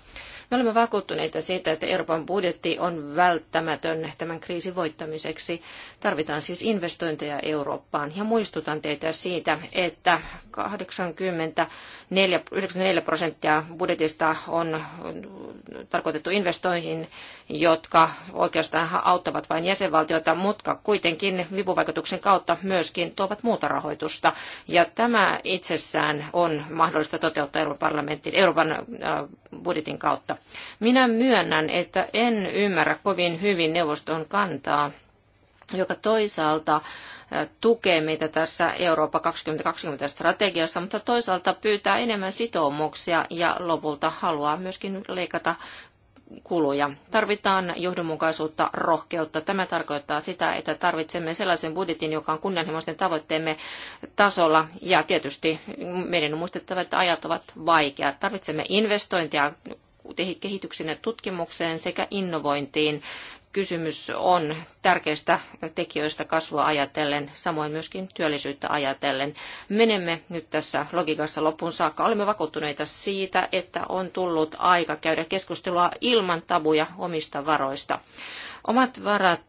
Me olemme vakuuttuneita siitä, että Euroopan budjetti on välttämätön tämän kriisin voittamiseksi. Tarvitaan siis investointeja Eurooppaan. Ja muistutan teitä siitä, että 84, 94 prosenttia budjetista on tarkoitettu investoihin, jotka oikeastaan auttavat vain jäsenvaltioita, mutta kuitenkin vipuvaikutuksen kautta myöskin tuovat muuta rahoitusta. Ja tämä itsessään on mahdollista toteuttaa Euroopan parlamentin, Euroopan äh, budjetin kautta. Minä myönnän, että en ymmärrä kovin hyvin neuvoston kantaa joka toisaalta tukee meitä tässä Eurooppa 2020-strategiassa, mutta toisaalta pyytää enemmän sitoumuksia ja lopulta haluaa myöskin leikata kuluja. Tarvitaan johdonmukaisuutta, rohkeutta. Tämä tarkoittaa sitä, että tarvitsemme sellaisen budjetin, joka on kunnianhimoisten tavoitteemme tasolla. Ja tietysti meidän on muistettava, että ajat ovat vaikeat. Tarvitsemme investointia kehityksen ja tutkimukseen sekä innovointiin. Kysymys on tärkeistä tekijöistä kasvua ajatellen, samoin myöskin työllisyyttä ajatellen. Menemme nyt tässä logiikassa loppuun saakka. Olemme vakuuttuneita siitä, että on tullut aika käydä keskustelua ilman tabuja omista varoista. Omat varat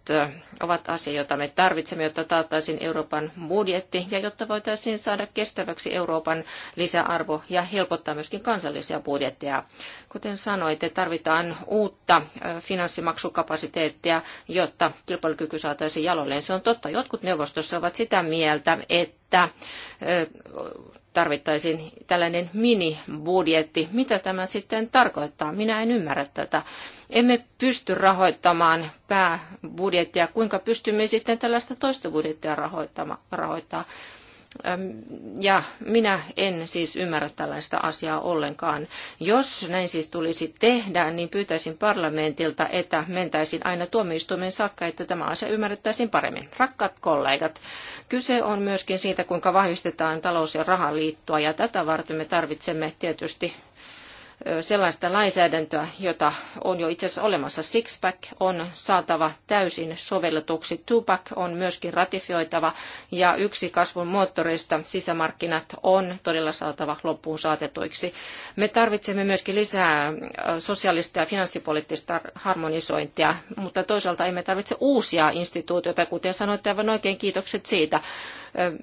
ovat asia, jota me tarvitsemme, jotta taattaisiin Euroopan budjetti ja jotta voitaisiin saada kestäväksi Euroopan lisäarvo ja helpottaa myöskin kansallisia budjetteja. Kuten sanoitte, tarvitaan uutta finanssimaksukapasiteettia, jotta kilpailu kilpailukyky saataisiin jaloilleen. Se on totta. Jotkut neuvostossa ovat sitä mieltä, että tarvittaisiin tällainen minibudjetti. Mitä tämä sitten tarkoittaa? Minä en ymmärrä tätä. Emme pysty rahoittamaan pääbudjettia. Kuinka pystymme sitten tällaista toista budjettia rahoittamaan? Ja minä en siis ymmärrä tällaista asiaa ollenkaan. Jos näin siis tulisi tehdä, niin pyytäisin parlamentilta, että mentäisin aina tuomioistuimen saakka, että tämä asia ymmärrettäisiin paremmin. Rakkaat kollegat, kyse on myöskin siitä, kuinka vahvistetaan talous- ja rahaliittoa, ja tätä varten me tarvitsemme tietysti sellaista lainsäädäntöä, jota on jo itse asiassa olemassa. Sixpack on saatava täysin sovelletuksi. Tupac on myöskin ratifioitava ja yksi kasvun moottoreista sisämarkkinat on todella saatava loppuun saatetuiksi. Me tarvitsemme myöskin lisää sosiaalista ja finanssipoliittista harmonisointia, mutta toisaalta emme tarvitse uusia instituutioita, kuten sanoitte aivan oikein kiitokset siitä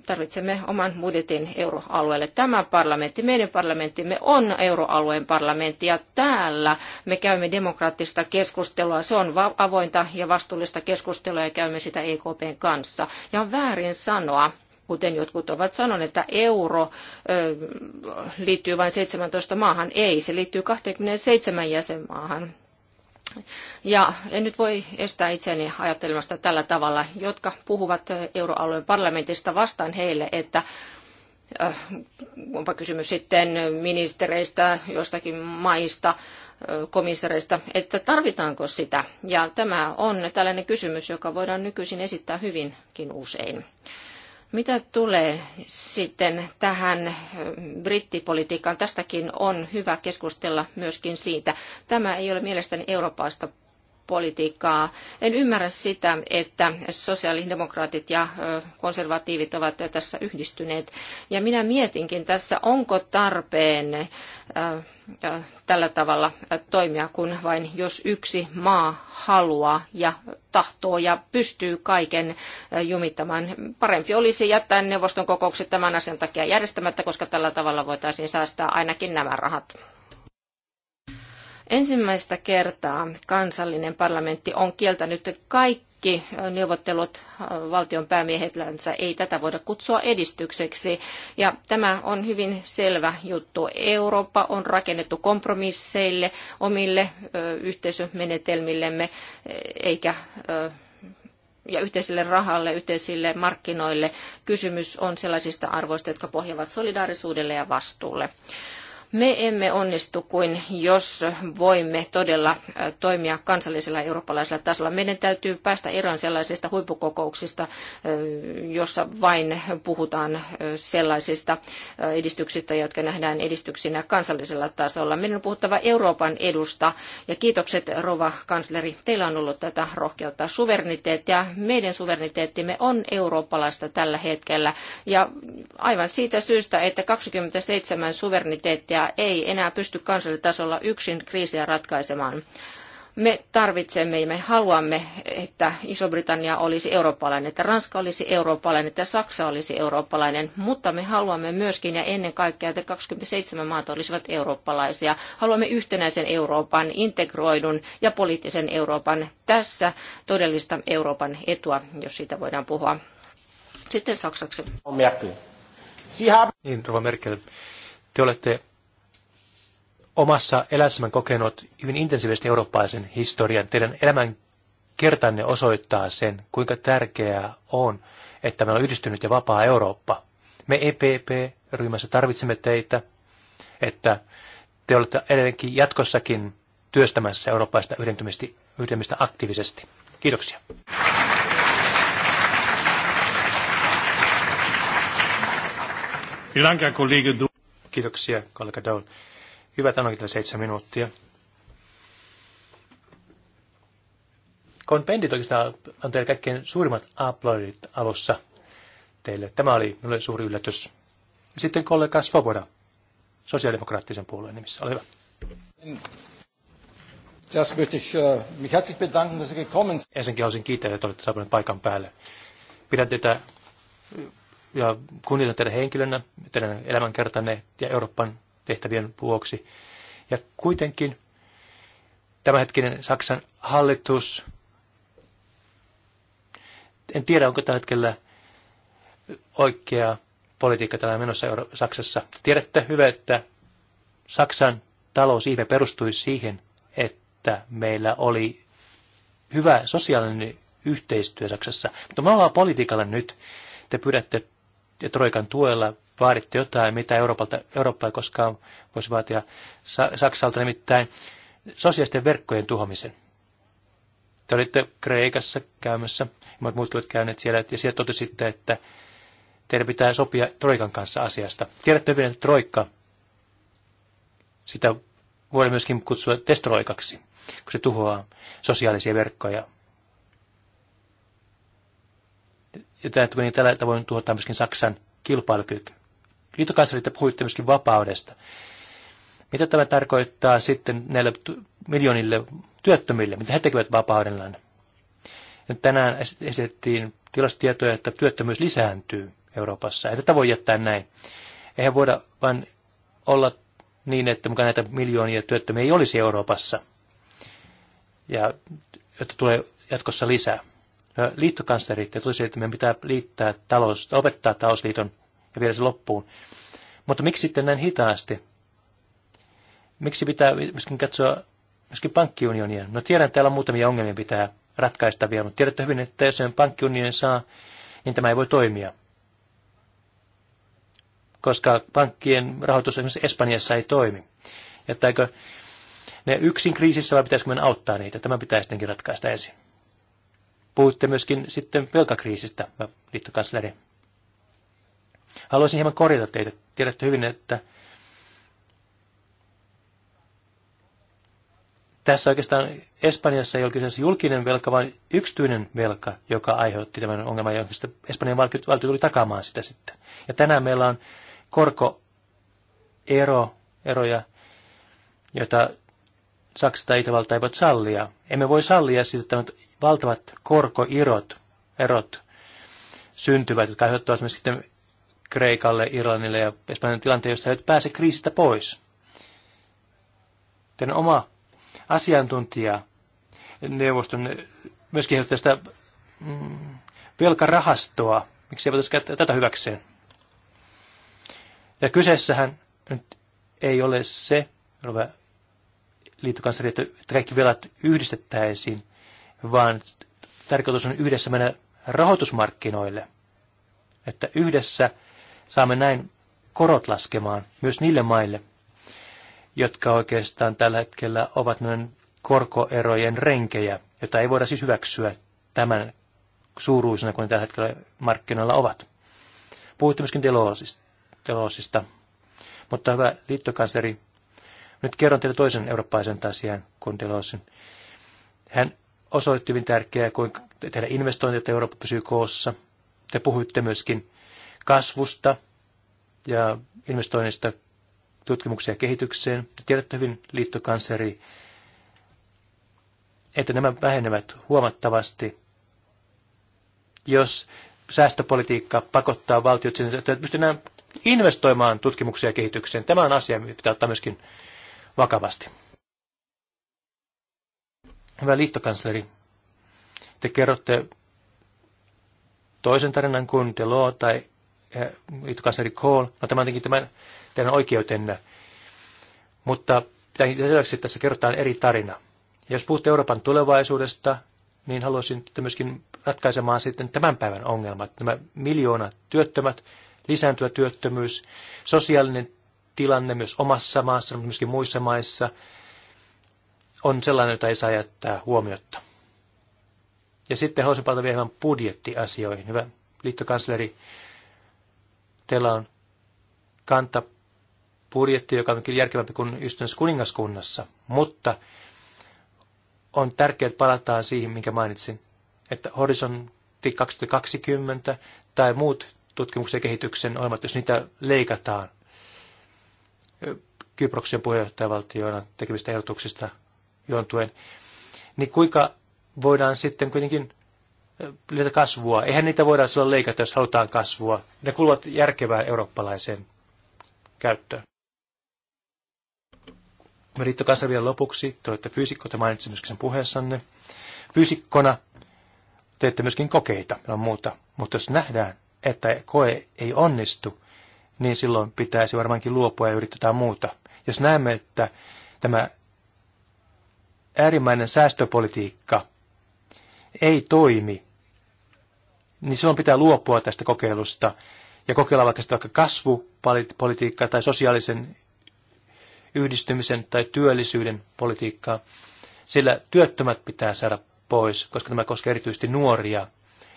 tarvitsemme oman budjetin euroalueelle. Tämä parlamentti, meidän parlamenttimme on euroalueen parlamentti ja täällä me käymme demokraattista keskustelua. Se on avointa ja vastuullista keskustelua ja käymme sitä EKPn kanssa. Ja on väärin sanoa, kuten jotkut ovat sanoneet, että euro ö, liittyy vain 17 maahan. Ei, se liittyy 27 jäsenmaahan. Ja en nyt voi estää itseäni ajattelemasta tällä tavalla, jotka puhuvat eh, euroalueen parlamentista vastaan heille, että eh, onpa kysymys sitten ministereistä, jostakin maista, eh, komissareista, että tarvitaanko sitä. Ja tämä on tällainen kysymys, joka voidaan nykyisin esittää hyvinkin usein. Mitä tulee sitten tähän brittipolitiikkaan, tästäkin on hyvä keskustella myöskin siitä. Tämä ei ole mielestäni eurooppaista politiikkaa. En ymmärrä sitä, että sosiaalidemokraatit ja konservatiivit ovat tässä yhdistyneet. Ja minä mietinkin tässä, onko tarpeen tällä tavalla toimia, kun vain jos yksi maa haluaa ja tahtoo ja pystyy kaiken jumittamaan. Parempi olisi jättää neuvoston kokoukset tämän asian takia järjestämättä, koska tällä tavalla voitaisiin säästää ainakin nämä rahat. Ensimmäistä kertaa kansallinen parlamentti on kieltänyt kaikki neuvottelut valtion päämiehetlänsä. Ei tätä voida kutsua edistykseksi. Ja tämä on hyvin selvä juttu. Eurooppa on rakennettu kompromisseille, omille ö, yhteisömenetelmillemme, e, eikä ö, ja yhteiselle rahalle, yhteisille markkinoille. Kysymys on sellaisista arvoista, jotka pohjaavat solidaarisuudelle ja vastuulle. Me emme onnistu kuin jos voimme todella toimia kansallisella eurooppalaisella tasolla. Meidän täytyy päästä eroon sellaisista huippukokouksista, jossa vain puhutaan sellaisista edistyksistä, jotka nähdään edistyksinä kansallisella tasolla. Meidän on puhuttava Euroopan edusta ja kiitokset Rova kansleri. Teillä on ollut tätä rohkeutta. Suvereniteetti ja meidän suvereniteettimme on eurooppalaista tällä hetkellä ja aivan siitä syystä, että 27 suvereniteettia unionia ei enää pysty kansallitasolla yksin kriisiä ratkaisemaan. Me tarvitsemme ja me haluamme, että Iso-Britannia olisi eurooppalainen, että Ranska olisi eurooppalainen, että Saksa olisi eurooppalainen, mutta me haluamme myöskin ja ennen kaikkea, että 27 maata olisivat eurooppalaisia. Haluamme yhtenäisen Euroopan, integroidun ja poliittisen Euroopan. Tässä todellista Euroopan etua, jos siitä voidaan puhua. Sitten saksaksi. Niin, Rova Merkel, te olette omassa elämässämme kokenut hyvin intensiivisesti eurooppalaisen historian. Teidän elämän kertanne osoittaa sen, kuinka tärkeää on, että me on yhdistynyt ja vapaa Eurooppa. Me EPP-ryhmässä tarvitsemme teitä, että te olette edelleenkin jatkossakin työstämässä eurooppalaista yhdentymistä, yhdentymistä aktiivisesti. Kiitoksia. Kiitoksia, kollega Dole. Hyvä, että onkin seitsemän minuuttia. Konpendit oikeastaan on teille kaikkein suurimmat uploadit alussa teille. Tämä oli minulle suuri yllätys. Sitten kollega Svoboda, sosiaalidemokraattisen puolueen nimissä. Ole hyvä. Just möchte ich äh, mich herzlich bedanken, dass Sie gekommen sind. Ensinnäkin haluaisin kiittää, että olette saapuneet paikan päälle. Pidän teitä äh, ja kunnioitan teidän henkilönä, teidän elämänkertanne ja Euroopan tehtävien vuoksi. Ja kuitenkin tämänhetkinen Saksan hallitus, en tiedä onko tällä hetkellä oikea politiikka tällä menossa Euro- Saksassa. Tiedätte hyvä, että Saksan talous talousiive perustui siihen, että meillä oli hyvä sosiaalinen yhteistyö Saksassa. Mutta me ollaan politiikalla nyt. Te pyydätte Troikan tuella vaaditte jotain, mitä Euroopalta, Eurooppa ei koskaan voisi vaatia Saksalta, nimittäin sosiaalisten verkkojen tuhomisen. Te olitte Kreikassa käymässä, ja muutkin ovat käyneet siellä, ja siellä totesitte, että teidän pitää sopia Troikan kanssa asiasta. Tiedätte hyvin, että Troikka, sitä voidaan myöskin kutsua testroikaksi, kun se tuhoaa sosiaalisia verkkoja. Ja tällä tavoin tuhotaan myöskin Saksan kilpailukyky te puhuitte myöskin vapaudesta. Mitä tämä tarkoittaa sitten näille miljoonille työttömille, mitä he tekevät vapaudellaan? Tänään esitettiin tilastotietoja, että työttömyys lisääntyy Euroopassa. Ei tätä voi jättää näin. Eihän voida vain olla niin, että mukaan näitä miljoonia työttömiä ei olisi Euroopassa, ja että tulee jatkossa lisää. No, Liittokanslerit te tulisi, että meidän pitää liittää talous, opettaa talousliiton ja viedä se loppuun. Mutta miksi sitten näin hitaasti? Miksi pitää myöskin katsoa myöskin pankkiunionia? No tiedän, että täällä on muutamia ongelmia pitää ratkaista vielä, mutta tiedätte hyvin, että jos sen pankkiunionin saa, niin tämä ei voi toimia. Koska pankkien rahoitus esimerkiksi Espanjassa ei toimi. Jättääkö ne yksin kriisissä vai pitäisikö meidän auttaa niitä? Tämä pitää sittenkin ratkaista ensin. Puhutte myöskin sitten velkakriisistä, liittokansleri. Haluaisin hieman korjata teitä. Tiedätte hyvin, että tässä oikeastaan Espanjassa ei ole kyseessä julkinen velka, vaan yksityinen velka, joka aiheutti tämän ongelman, jonka Espanjan valtio tuli takaamaan sitä sitten. Ja tänään meillä on korkoeroja, joita Saksa tai Itävalta eivät sallia. Emme voi sallia sitä, että valtavat korkoirot erot syntyvät, jotka aiheuttavat myös sitten Kreikalle, Irlannille ja Espanjan tilanteen, josta et pääse kriisistä pois. Teidän oma asiantuntija neuvoston myöskin ehdottaa sitä mm, velkarahastoa. Miksi ei voitaisiin käyttää tätä hyväkseen? Ja kyseessähän nyt ei ole se, rova liittokansari, että kaikki velat yhdistettäisiin, vaan tarkoitus on yhdessä mennä rahoitusmarkkinoille. Että yhdessä Saamme näin korot laskemaan myös niille maille, jotka oikeastaan tällä hetkellä ovat noin korkoerojen renkejä, jota ei voida siis hyväksyä tämän suuruisena kuin ne tällä hetkellä markkinoilla ovat. Puhuitte myöskin Delosista, mutta hyvä liittokansleri, nyt kerron teille toisen eurooppaisen asian kuin Delosin. Hän osoitti hyvin tärkeää, kuinka tehdä investointeja, että Eurooppa pysyy koossa. Te puhuitte myöskin kasvusta ja investoinnista tutkimukseen ja kehitykseen. Tiedätte hyvin liittokansleri, että nämä vähenevät huomattavasti, jos säästöpolitiikka pakottaa valtiot sen, että pystytään investoimaan tutkimukseen ja kehitykseen. Tämä on asia, mitä pitää ottaa myöskin vakavasti. Hyvä liittokansleri, te kerrotte toisen tarinan kuin Delo tai liittokansleri eh, Kohl. No tämä on tietenkin tämän, teidän oikeutenne. Mutta pitää selväksi, että tässä kerrotaan eri tarina. Ja jos puhutte Euroopan tulevaisuudesta, niin haluaisin myöskin ratkaisemaan sitten tämän päivän ongelmat. Nämä miljoonat työttömät, lisääntyvä työttömyys, sosiaalinen tilanne myös omassa maassa, mutta myöskin muissa maissa on sellainen, jota ei saa jättää huomiotta. Ja sitten haluaisin palata vielä budjettiasioihin. Hyvä liittokansleri teillä on kanta budjetti, joka on järkevämpi kuin ystävässä kuningaskunnassa, mutta on tärkeää, että palataan siihen, minkä mainitsin, että horisontti 2020 tai muut tutkimuksen ja kehityksen ohjelmat, jos niitä leikataan Kyproksen puheenjohtajavaltioina tekemistä ehdotuksista johtuen, niin kuinka voidaan sitten kuitenkin lisätä kasvua. Eihän niitä voida silloin leikata, jos halutaan kasvua. Ne kuuluvat järkevään eurooppalaiseen käyttöön. Riitto kanssa vielä lopuksi. Te olette fyysikko, te mainitsitte myöskin sen puheessanne. Fyysikkona teette myöskin kokeita ja no muuta. Mutta jos nähdään, että koe ei onnistu, niin silloin pitäisi varmaankin luopua ja yrittää muuta. Jos näemme, että tämä äärimmäinen säästöpolitiikka ei toimi, niin silloin pitää luopua tästä kokeilusta ja kokeilla vaikka, sitä vaikka kasvupolitiikkaa tai sosiaalisen yhdistymisen tai työllisyyden politiikkaa, sillä työttömät pitää saada pois, koska tämä koskee erityisesti nuoria,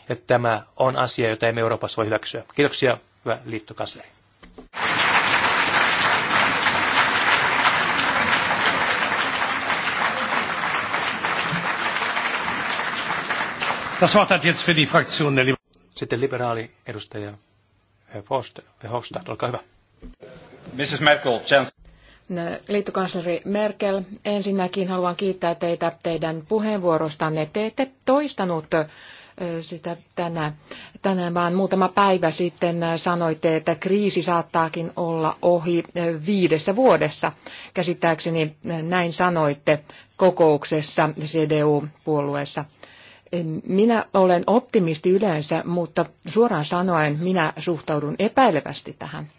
ja tämä on asia, jota emme Euroopassa voi hyväksyä. Kiitoksia, hyvä liittokansleri. Das Wort hat jetzt für die Fraktion der Sitten liberaali edustaja Verhofstadt, eh, eh, olkaa hyvä. Mrs. Merkel, Liittokansleri Merkel, ensinnäkin haluan kiittää teitä teidän puheenvuorostanne. Te ette toistanut eh, sitä tänä, tänään, vaan muutama päivä sitten sanoitte, että kriisi saattaakin olla ohi viidessä vuodessa. Käsittääkseni näin sanoitte kokouksessa CDU-puolueessa. Minä olen optimisti yleensä, mutta suoraan sanoen minä suhtaudun epäilevästi tähän.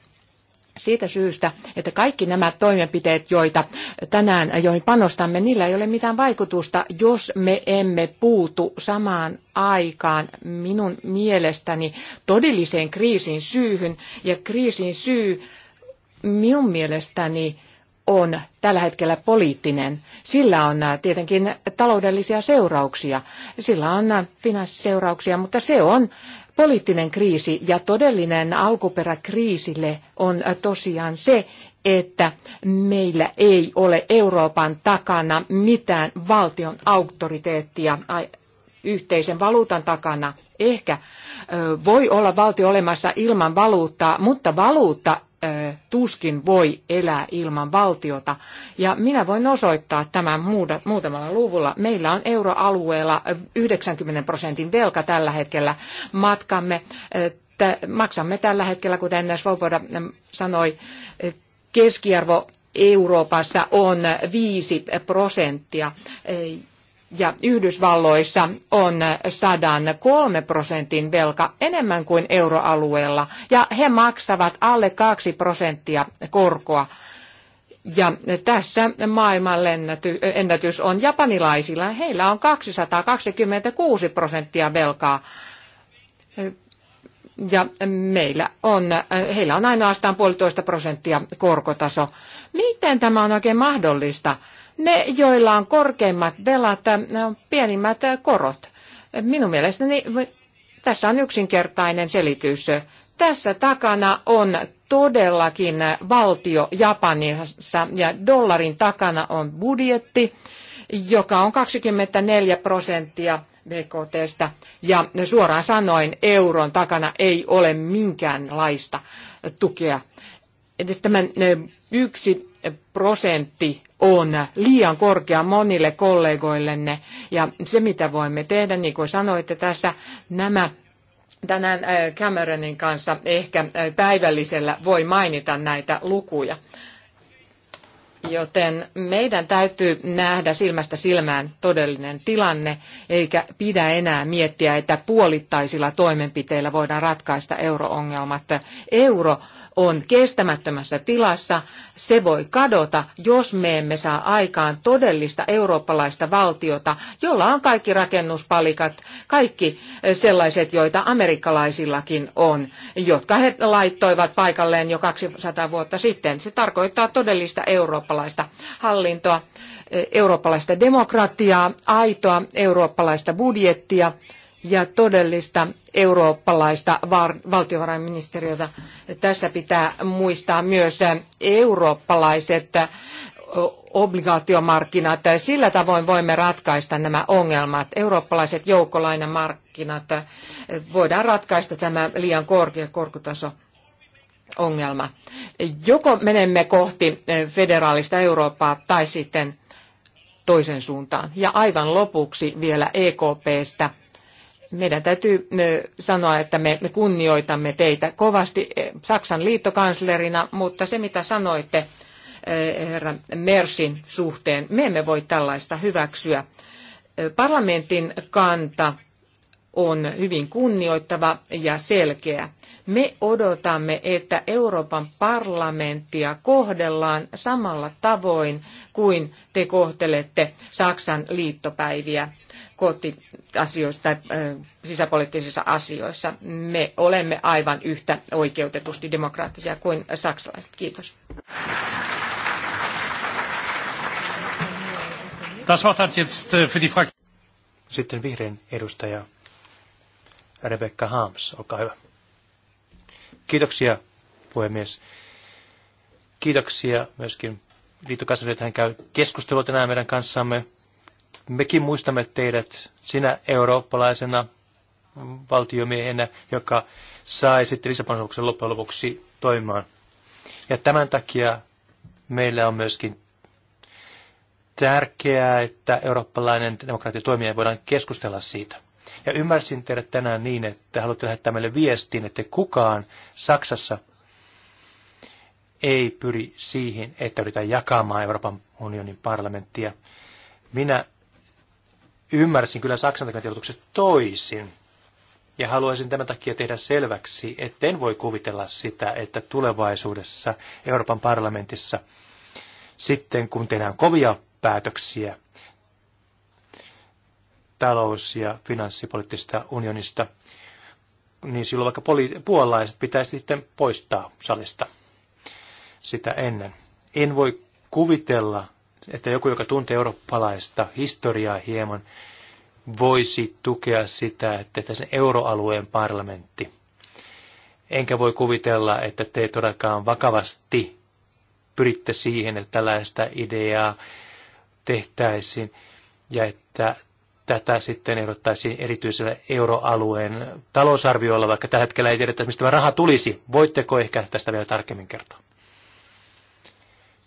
Siitä syystä, että kaikki nämä toimenpiteet, joita tänään, joihin panostamme, niillä ei ole mitään vaikutusta, jos me emme puutu samaan aikaan minun mielestäni todelliseen kriisin syyhyn. Ja kriisin syy minun mielestäni on tällä hetkellä poliittinen. Sillä on äh, tietenkin taloudellisia seurauksia, sillä on äh, finanssiseurauksia, mutta se on poliittinen kriisi ja todellinen alkuperä kriisille on äh, tosiaan se, että meillä ei ole Euroopan takana mitään valtion auktoriteettia yhteisen valuutan takana. Ehkä voi olla valtio olemassa ilman valuuttaa, mutta valuutta tuskin voi elää ilman valtiota. Ja minä voin osoittaa tämän muutamalla luvulla. Meillä on euroalueella 90 prosentin velka tällä hetkellä. Matkamme, maksamme tällä hetkellä, kuten Svoboda sanoi, keskiarvo Euroopassa on 5 prosenttia ja Yhdysvalloissa on 103 prosentin velka enemmän kuin euroalueella ja he maksavat alle 2 prosenttia korkoa. Ja tässä maailman ennätys on japanilaisilla. Heillä on 226 prosenttia velkaa ja meillä on, äh, heillä on ainoastaan puolitoista prosenttia korkotaso. Miten tämä on oikein mahdollista? Ne, joilla on korkeimmat velat, äh, ne on pienimmät äh, korot. Minun mielestäni tässä on yksinkertainen selitys. Tässä takana on todellakin valtio Japanissa ja dollarin takana on budjetti joka on 24 prosenttia BKTstä. Ja suoraan sanoen euron takana ei ole minkäänlaista tukea. Edes tämän yksi prosentti on liian korkea monille kollegoillenne. Ja se, mitä voimme tehdä, niin kuin sanoitte tässä, nämä tänään Cameronin kanssa ehkä päivällisellä voi mainita näitä lukuja. Joten meidän täytyy nähdä silmästä silmään todellinen tilanne, eikä pidä enää miettiä, että puolittaisilla toimenpiteillä voidaan ratkaista euroongelmat. Euro on kestämättömässä tilassa. Se voi kadota, jos me emme saa aikaan todellista eurooppalaista valtiota, jolla on kaikki rakennuspalikat, kaikki eh, sellaiset, joita amerikkalaisillakin on, jotka he laittoivat paikalleen jo 200 vuotta sitten. Se tarkoittaa todellista eurooppalaista hallintoa, eh, eurooppalaista demokratiaa, aitoa eurooppalaista budjettia, ja todellista eurooppalaista valtiovarainministeriötä. Tässä pitää muistaa myös äh, eurooppalaiset äh, obligaatiomarkkinat. Sillä tavoin voimme ratkaista nämä ongelmat. Eurooppalaiset joukkolainamarkkinat äh, voidaan ratkaista tämä liian korkea korkotaso ongelma. Joko menemme kohti federaalista Eurooppaa tai sitten toisen suuntaan. Ja aivan lopuksi vielä EKPstä meidän täytyy sanoa, että me kunnioitamme teitä kovasti Saksan liittokanslerina, mutta se mitä sanoitte herra Mersin suhteen, me emme voi tällaista hyväksyä. Parlamentin kanta on hyvin kunnioittava ja selkeä. Me odotamme, että Euroopan parlamenttia kohdellaan samalla tavoin kuin te kohtelette Saksan liittopäiviä kotiasioissa tai äh, sisäpoliittisissa asioissa. Me olemme aivan yhtä oikeutetusti demokraattisia kuin saksalaiset. Kiitos. Das Wort hat jetzt äh, für die Sitten vihreän edustaja Rebecca Harms, olkaa hyvä. Kiitoksia, puhemies. Kiitoksia myöskin liittokanslerille, että hän käy keskustelua tänään meidän kanssamme mekin muistamme teidät sinä eurooppalaisena valtiomiehenä, joka sai sitten lisäpanoksen loppujen lopuksi toimimaan. Ja tämän takia meillä on myöskin tärkeää, että eurooppalainen demokratia toimii voidaan keskustella siitä. Ja ymmärsin teidät tänään niin, että haluatte lähettää meille viestin, että kukaan Saksassa ei pyri siihen, että yritetään jakamaan Euroopan unionin parlamenttia. Minä ymmärsin kyllä Saksan tiedotukset toisin. Ja haluaisin tämän takia tehdä selväksi, etten voi kuvitella sitä, että tulevaisuudessa Euroopan parlamentissa sitten kun tehdään kovia päätöksiä talous- ja finanssipoliittisesta unionista, niin silloin vaikka poli- puolalaiset pitäisi sitten poistaa salista sitä ennen. En voi kuvitella että joku, joka tuntee eurooppalaista historiaa hieman, voisi tukea sitä, että tässä euroalueen parlamentti. Enkä voi kuvitella, että te todellakaan vakavasti pyritte siihen, että tällaista ideaa tehtäisiin ja että tätä sitten ehdottaisiin erityisellä euroalueen talousarviolla, vaikka tällä hetkellä ei tiedetä, mistä tämä raha tulisi. Voitteko ehkä tästä vielä tarkemmin kertoa?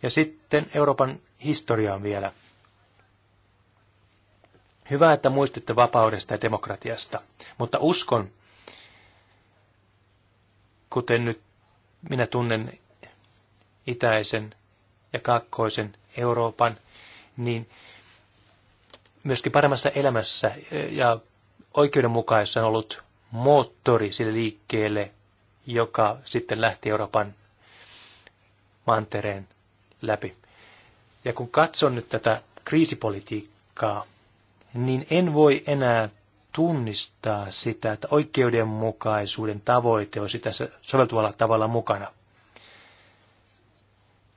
Ja sitten Euroopan historiaan vielä. Hyvä, että muistitte vapaudesta ja demokratiasta, mutta uskon, kuten nyt minä tunnen itäisen ja kaakkoisen Euroopan, niin myöskin paremmassa elämässä ja oikeudenmukaisessa on ollut moottori sille liikkeelle, joka sitten lähti Euroopan mantereen läpi. Ja kun katson nyt tätä kriisipolitiikkaa, niin en voi enää tunnistaa sitä, että oikeudenmukaisuuden tavoite on sitä soveltuvalla tavalla mukana.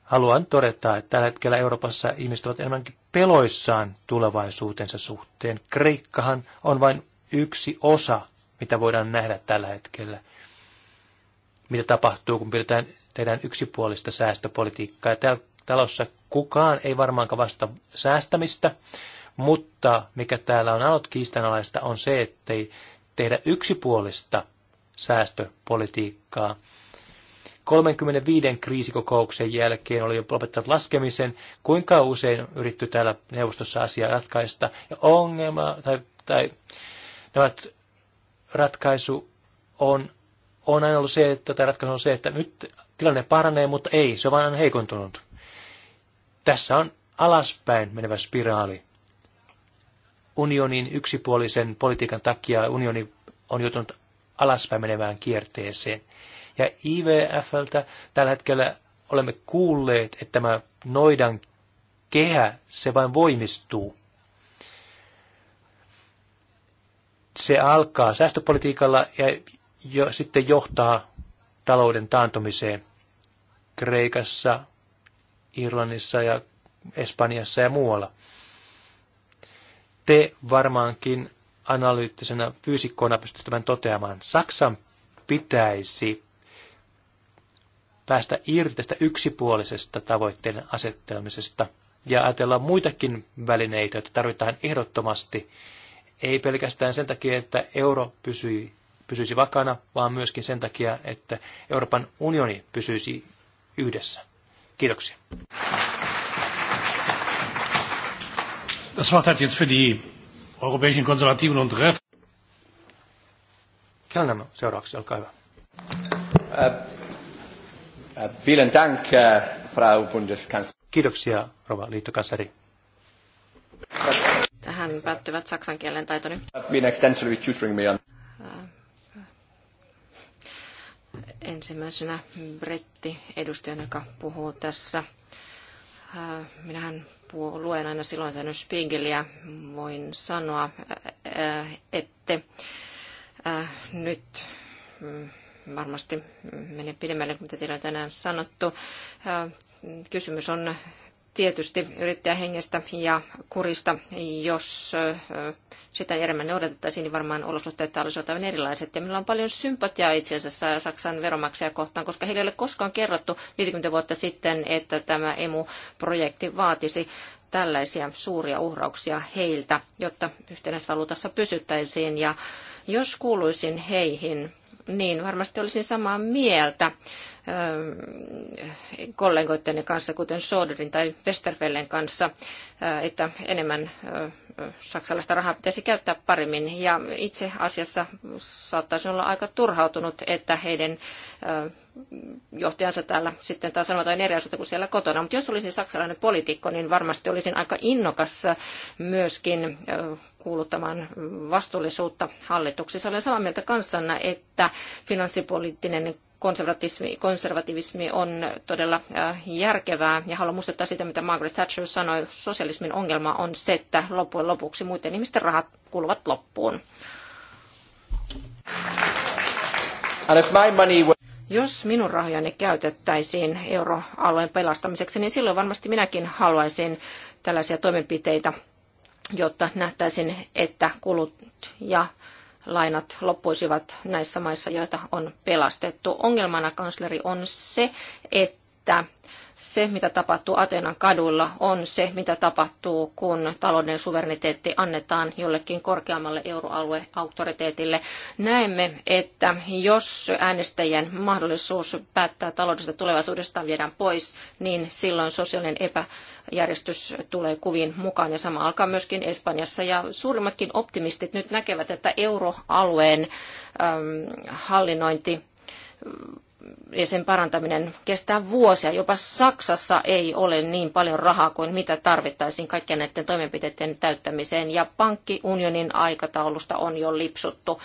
Haluan todeta, että tällä hetkellä Euroopassa ihmiset ovat enemmänkin peloissaan tulevaisuutensa suhteen. Kreikkahan on vain yksi osa, mitä voidaan nähdä tällä hetkellä. Mitä tapahtuu, kun pidetään, tehdään yksipuolista säästöpolitiikkaa. Ja täällä talossa kukaan ei varmaankaan vasta säästämistä, mutta mikä täällä on alot kiistanalaista on se, ettei tehdä yksipuolista säästöpolitiikkaa. 35 kriisikokouksen jälkeen oli jo lopettanut laskemisen, kuinka usein yritty täällä neuvostossa asiaa ratkaista, ja ongelma tai, tai nämä ratkaisu on, on aina ollut se, että, tai ratkaisu on se, että nyt tilanne paranee, mutta ei, se on vain heikontunut. Tässä on alaspäin menevä spiraali. Unionin yksipuolisen politiikan takia unioni on joutunut alaspäin menevään kierteeseen. Ja IVFltä tällä hetkellä olemme kuulleet, että tämä noidan kehä, se vain voimistuu. Se alkaa säästöpolitiikalla ja jo, sitten johtaa talouden taantumiseen. Kreikassa, Irlannissa ja Espanjassa ja muualla. Te varmaankin analyyttisena fyysikkoina pystytte tämän toteamaan. Saksan pitäisi päästä irti tästä yksipuolisesta tavoitteiden asettelemisesta ja ajatella muitakin välineitä, joita tarvitaan ehdottomasti. Ei pelkästään sen takia, että euro pysyi, pysyisi vakana, vaan myöskin sen takia, että Euroopan unioni pysyisi yhdessä. Kiitoksia. Das Wort hat jetzt für die europäischen Konservativen und Ref. Kellner, seuraavaksi, olkaa hyvä. Äh, äh, vielen Dank, äh, Frau Bundeskanzlerin. Kiitoksia, Rova liittokansleri. Tähän päättyvät saksan kielen taitoni. Been extensively tutoring me on ensimmäisenä britti Edustajan joka puhuu tässä. Minähän luen aina silloin tänne Spiegelia. Voin sanoa, että nyt mm, varmasti menee pidemmälle kuin mitä teillä on tänään sanottu. Kysymys on tietysti hengestä ja kurista. Jos sitä enemmän noudatettaisiin, niin varmaan olosuhteet olisivat aivan erilaiset. Ja meillä on paljon sympatiaa itse asiassa Saksan veromaksia kohtaan, koska heille ei ole koskaan kerrottu 50 vuotta sitten, että tämä EMU-projekti vaatisi tällaisia suuria uhrauksia heiltä, jotta yhtenäisvaluutassa pysyttäisiin. Ja jos kuuluisin heihin, niin varmasti olisin samaa mieltä ähm, kollegoitteni kanssa, kuten Soderin tai Westerfellen kanssa, äh, että enemmän äh, saksalaista rahaa pitäisi käyttää paremmin. Ja itse asiassa saattaisi olla aika turhautunut, että heidän johtajansa täällä sitten taas sanotaan eri asioita kuin siellä kotona. Mutta jos olisin saksalainen poliitikko, niin varmasti olisin aika innokas myöskin kuuluttamaan vastuullisuutta hallituksissa. Olen samaa mieltä kanssanne, että finanssipoliittinen konservatismi, konservativismi on todella äh, järkevää. Ja haluan muistuttaa sitä, mitä Margaret Thatcher sanoi, sosialismin ongelma on se, että loppujen lopuksi muiden ihmisten rahat kuluvat loppuun. Money... Jos minun rahojani käytettäisiin euroalueen pelastamiseksi, niin silloin varmasti minäkin haluaisin tällaisia toimenpiteitä, jotta nähtäisin, että kulut ja lainat loppuisivat näissä maissa, joita on pelastettu. Ongelmana kansleri on se, että se, mitä tapahtuu Atenan kaduilla, on se, mitä tapahtuu, kun talouden suvereniteetti annetaan jollekin korkeammalle euroalueauktoriteetille. Näemme, että jos äänestäjien mahdollisuus päättää taloudesta tulevaisuudestaan viedään pois, niin silloin sosiaalinen epä järjestys tulee kuviin mukaan ja sama alkaa myöskin Espanjassa. Ja suurimmatkin optimistit nyt näkevät, että euroalueen ähm, hallinnointi äh, ja sen parantaminen kestää vuosia. Jopa Saksassa ei ole niin paljon rahaa kuin mitä tarvittaisiin kaikkien näiden toimenpiteiden täyttämiseen. Ja pankkiunionin aikataulusta on jo lipsuttu.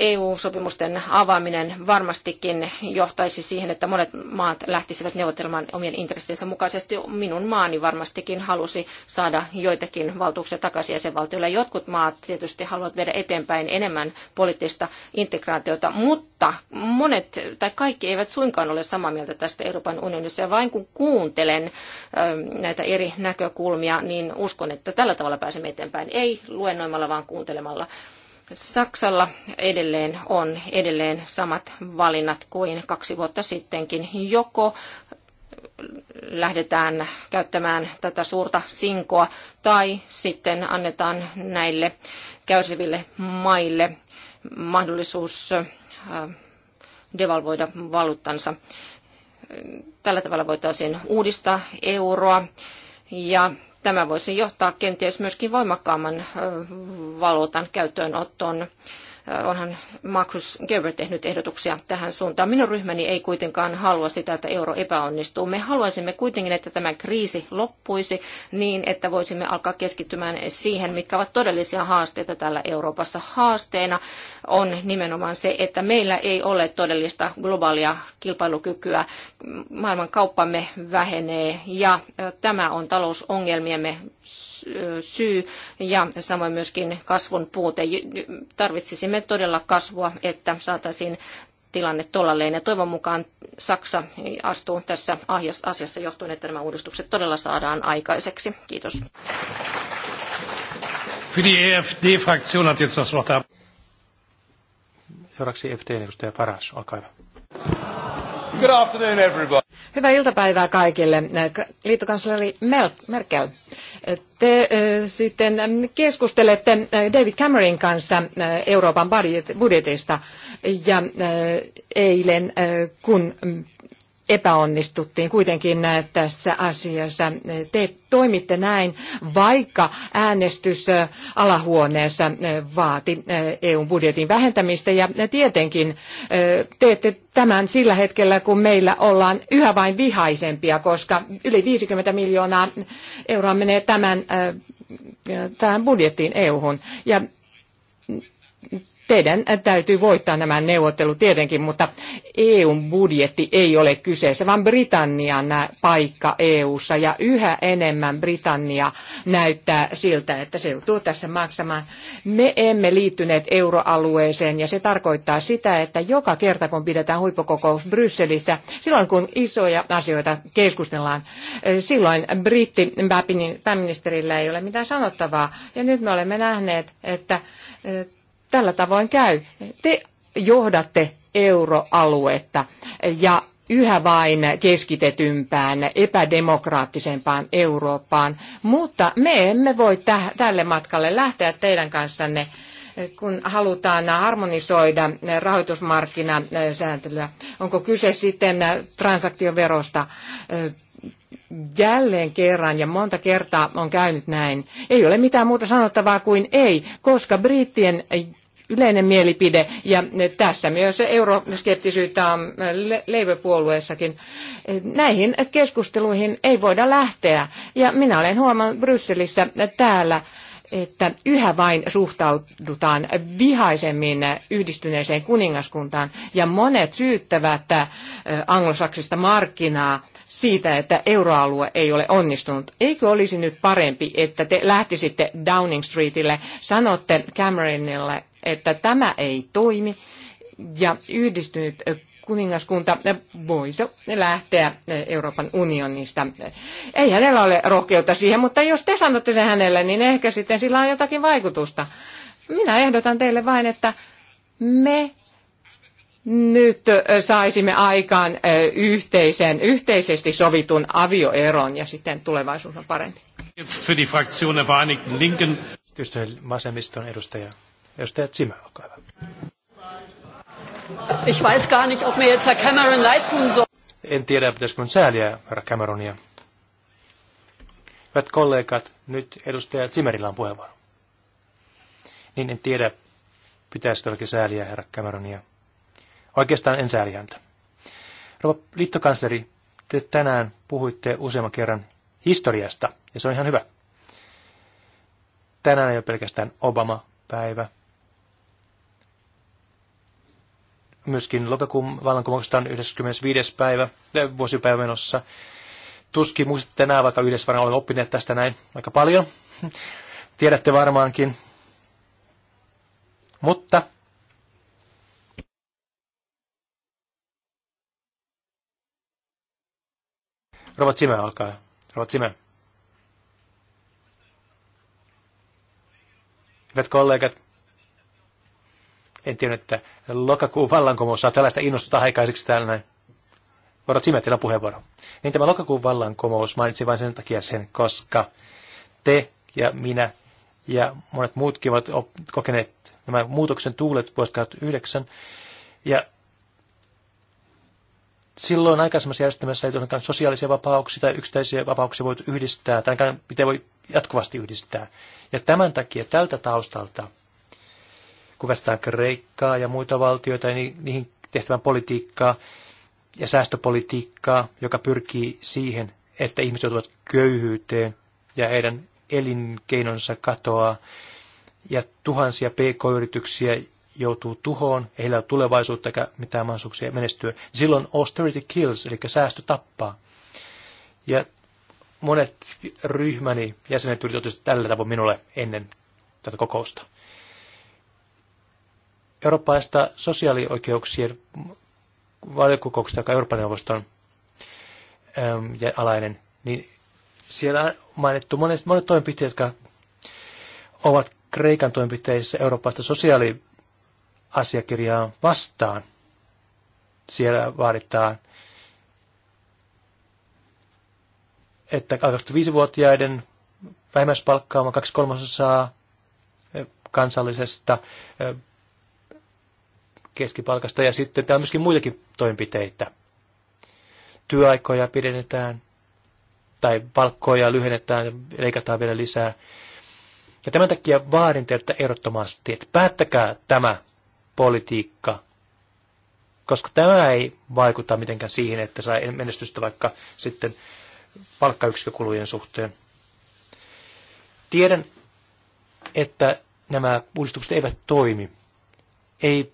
EU-sopimusten avaaminen varmastikin johtaisi siihen, että monet maat lähtisivät neuvottelemaan omien intressiensä mukaisesti. Minun maani varmastikin halusi saada joitakin valtuuksia takaisin jäsenvaltioille. Jotkut maat tietysti haluavat viedä eteenpäin enemmän poliittista integraatiota, mutta monet tai kaikki eivät suinkaan ole samaa mieltä tästä Euroopan unionissa. Ja vain kun kuuntelen ähm, näitä eri näkökulmia, niin uskon, että tällä tavalla pääsemme eteenpäin. Ei luennoimalla, vaan kuuntelemalla. Saksalla edelleen on edelleen samat valinnat kuin kaksi vuotta sittenkin. Joko lähdetään käyttämään tätä suurta sinkoa tai sitten annetaan näille käyseville maille mahdollisuus äh, devalvoida valuuttansa. Tällä tavalla voitaisiin uudistaa euroa ja Tämä voisi johtaa kenties myöskin voimakkaamman valuutan käyttöönottoon. Onhan Markus Gerber tehnyt ehdotuksia tähän suuntaan. Minun ryhmäni ei kuitenkaan halua sitä, että euro epäonnistuu. Me haluaisimme kuitenkin, että tämä kriisi loppuisi niin, että voisimme alkaa keskittymään siihen, mitkä ovat todellisia haasteita täällä Euroopassa. Haasteena on nimenomaan se, että meillä ei ole todellista globaalia kilpailukykyä. Maailman kauppamme vähenee ja tämä on talousongelmiemme syy ja samoin myöskin kasvun puute. Tarvitsisimme todella kasvua, että saataisiin tilanne tolalleen. Ja toivon mukaan Saksa astuu tässä asiassa johtuen, että nämä uudistukset todella saadaan aikaiseksi. Kiitos. Für die EFD-Fraktion hat jetzt das Wort Seuraavaksi EFD-edustaja Paras, olkaa hyvä. Good afternoon everybody. Hyvää iltapäivää kaikille. Liittokansleri Merkel, te eh, sitten keskustelette eh, David Cameronin kanssa eh, Euroopan budjetista ja eilen kun epäonnistuttiin kuitenkin tässä asiassa. Te toimitte näin, vaikka äänestys alahuoneessa vaati EUn budjetin vähentämistä ja tietenkin teette tämän sillä hetkellä, kun meillä ollaan yhä vain vihaisempia, koska yli 50 miljoonaa euroa menee tämän tähän budjettiin EU-hun. Ja teidän täytyy voittaa nämä neuvottelut tietenkin, mutta EUn budjetti ei ole kyseessä, vaan Britannian paikka EUssa ja yhä enemmän Britannia näyttää siltä, että se joutuu tässä maksamaan. Me emme liittyneet euroalueeseen ja se tarkoittaa sitä, että joka kerta kun pidetään huippukokous Brysselissä, silloin kun isoja asioita keskustellaan, silloin britti pääministerillä ei ole mitään sanottavaa ja nyt me olemme nähneet, että tällä tavoin käy. Te johdatte euroaluetta ja yhä vain keskitetympään, epädemokraattisempaan Eurooppaan, mutta me emme voi tälle matkalle lähteä teidän kanssanne kun halutaan harmonisoida rahoitusmarkkinasääntelyä. Onko kyse sitten transaktioverosta? jälleen kerran ja monta kertaa on käynyt näin. Ei ole mitään muuta sanottavaa kuin ei, koska brittien yleinen mielipide ja tässä myös euroskeptisyyttä on Labour-puolueessakin. Näihin keskusteluihin ei voida lähteä ja minä olen huomannut Brysselissä täällä että yhä vain suhtaudutaan vihaisemmin yhdistyneeseen kuningaskuntaan ja monet syyttävät äh, anglosaksista markkinaa siitä, että euroalue ei ole onnistunut. Eikö olisi nyt parempi, että te lähtisitte Downing Streetille, sanotte Cameronille, että tämä ei toimi ja yhdistynyt kuningaskunta voisi lähteä Euroopan unionista. Ei hänellä ole rohkeutta siihen, mutta jos te sanotte sen hänelle, niin ehkä sitten sillä on jotakin vaikutusta. Minä ehdotan teille vain, että me nyt saisimme aikaan yhteisen, yhteisesti sovitun avioeron ja sitten tulevaisuus on parempi. Jetzt Linken. Vasemmiston edustaja. Edustaja Zimmer, olkaa hyvä. Ich weiß gar nicht, ob mir jetzt Herr Cameron leid tun soll. En tiedä, pitäisikö minun sääliä herra Cameronia. Hyvät kollegat, nyt edustaja Zimmerillä on puheenvuoro. Niin en tiedä, pitäisi todellakin sääliä herra Cameronia. Oikeastaan en sääliä häntä. Rouva liittokansleri, te tänään puhuitte useamman kerran historiasta, ja se on ihan hyvä. Tänään ei ole pelkästään Obama-päivä, myöskin lokakuun vallankumouksesta on 95. päivä, eh, vuosipäivä menossa. Tuskin muistatte tänään, vaikka yhdessä varmaan olen oppineet tästä näin aika paljon. (laughs) Tiedätte varmaankin. Mutta Rova Tsime, alkaa. Rova Tsime. Hyvät kollegat, en tiedä, että lokakuun vallankumous saa tällaista innostusta aikaiseksi tällainen. Varo Simetillä puheenvuoro. Niin tämä lokakuun vallankumous mainitsin vain sen takia sen, koska te ja minä ja monet muutkin ovat kokeneet nämä muutoksen tuulet vuosi 2009. Ja silloin aikaisemmassa järjestelmässä ei tosiaan sosiaalisia vapauksia tai yksittäisiä vapauksia voitu yhdistää, tai miten voi jatkuvasti yhdistää. Ja tämän takia tältä taustalta kun vastaan Kreikkaa ja muita valtioita ja niihin tehtävän politiikkaa ja säästöpolitiikkaa, joka pyrkii siihen, että ihmiset joutuvat köyhyyteen ja heidän elinkeinonsa katoaa ja tuhansia pk-yrityksiä joutuu tuhoon, ei heillä ole tulevaisuutta eikä mitään mahdollisuuksia menestyä. Niin silloin austerity kills, eli säästö tappaa. Ja monet ryhmäni jäsenet yritettiin tällä tavoin minulle ennen tätä kokousta eurooppalaista sosiaalioikeuksien valiokokouksesta, joka on Euroopan neuvoston ähm, ja alainen, niin siellä on mainittu monet, monet toimenpiteet, jotka ovat Kreikan toimenpiteissä Euroopasta sosiaaliasiakirjaa vastaan. Siellä vaaditaan, että 25-vuotiaiden vähimmäispalkkaama kaksi kolmasosaa eh, kansallisesta eh, keskipalkasta ja sitten täällä on myöskin muitakin toimenpiteitä. Työaikoja pidennetään tai palkkoja lyhennetään ja leikataan vielä lisää. Ja tämän takia vaadin teiltä ehdottomasti, että päättäkää tämä politiikka, koska tämä ei vaikuta mitenkään siihen, että saa menestystä vaikka sitten palkkayksikökulujen suhteen. Tiedän, että nämä uudistukset eivät toimi. Ei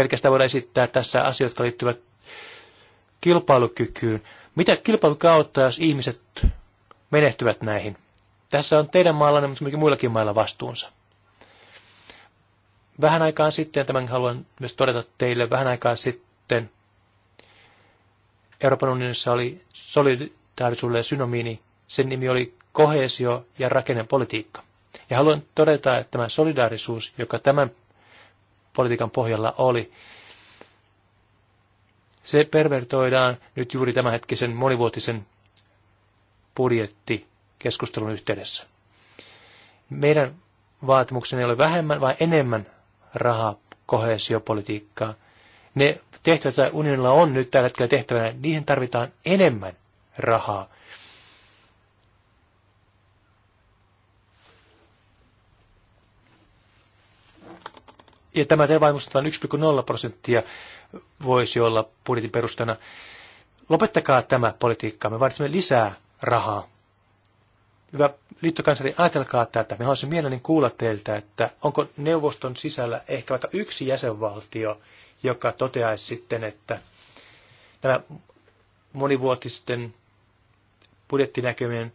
pelkästään voidaan esittää tässä asioita, jotka liittyvät kilpailukykyyn. Mitä kilpailu kautta jos ihmiset menehtyvät näihin? Tässä on teidän maallanne, mutta myöskin muillakin mailla vastuunsa. Vähän aikaa sitten, tämän haluan myös todeta teille, vähän aikaa sitten Euroopan unionissa oli solidaarisuudelle synomiini. Sen nimi oli kohesio- ja rakennepolitiikka. Ja haluan todeta, että tämä solidaarisuus, joka tämän politiikan pohjalla oli. Se pervertoidaan nyt juuri tämänhetkisen monivuotisen budjettikeskustelun yhteydessä. Meidän vaatimuksena ei ole vähemmän vai enemmän rahaa kohesiopolitiikkaa. Ne tehtävät, joita unionilla on nyt tällä hetkellä tehtävänä, niihin tarvitaan enemmän rahaa ja tämä vain 1,0 prosenttia voisi olla budjetin perustana. Lopettakaa tämä politiikka, me vaaditsemme lisää rahaa. Hyvä liittokansari, ajatelkaa tätä. Me haluaisin mielelläni kuulla teiltä, että onko neuvoston sisällä ehkä vaikka yksi jäsenvaltio, joka toteaisi sitten, että nämä monivuotisten budjettinäkymien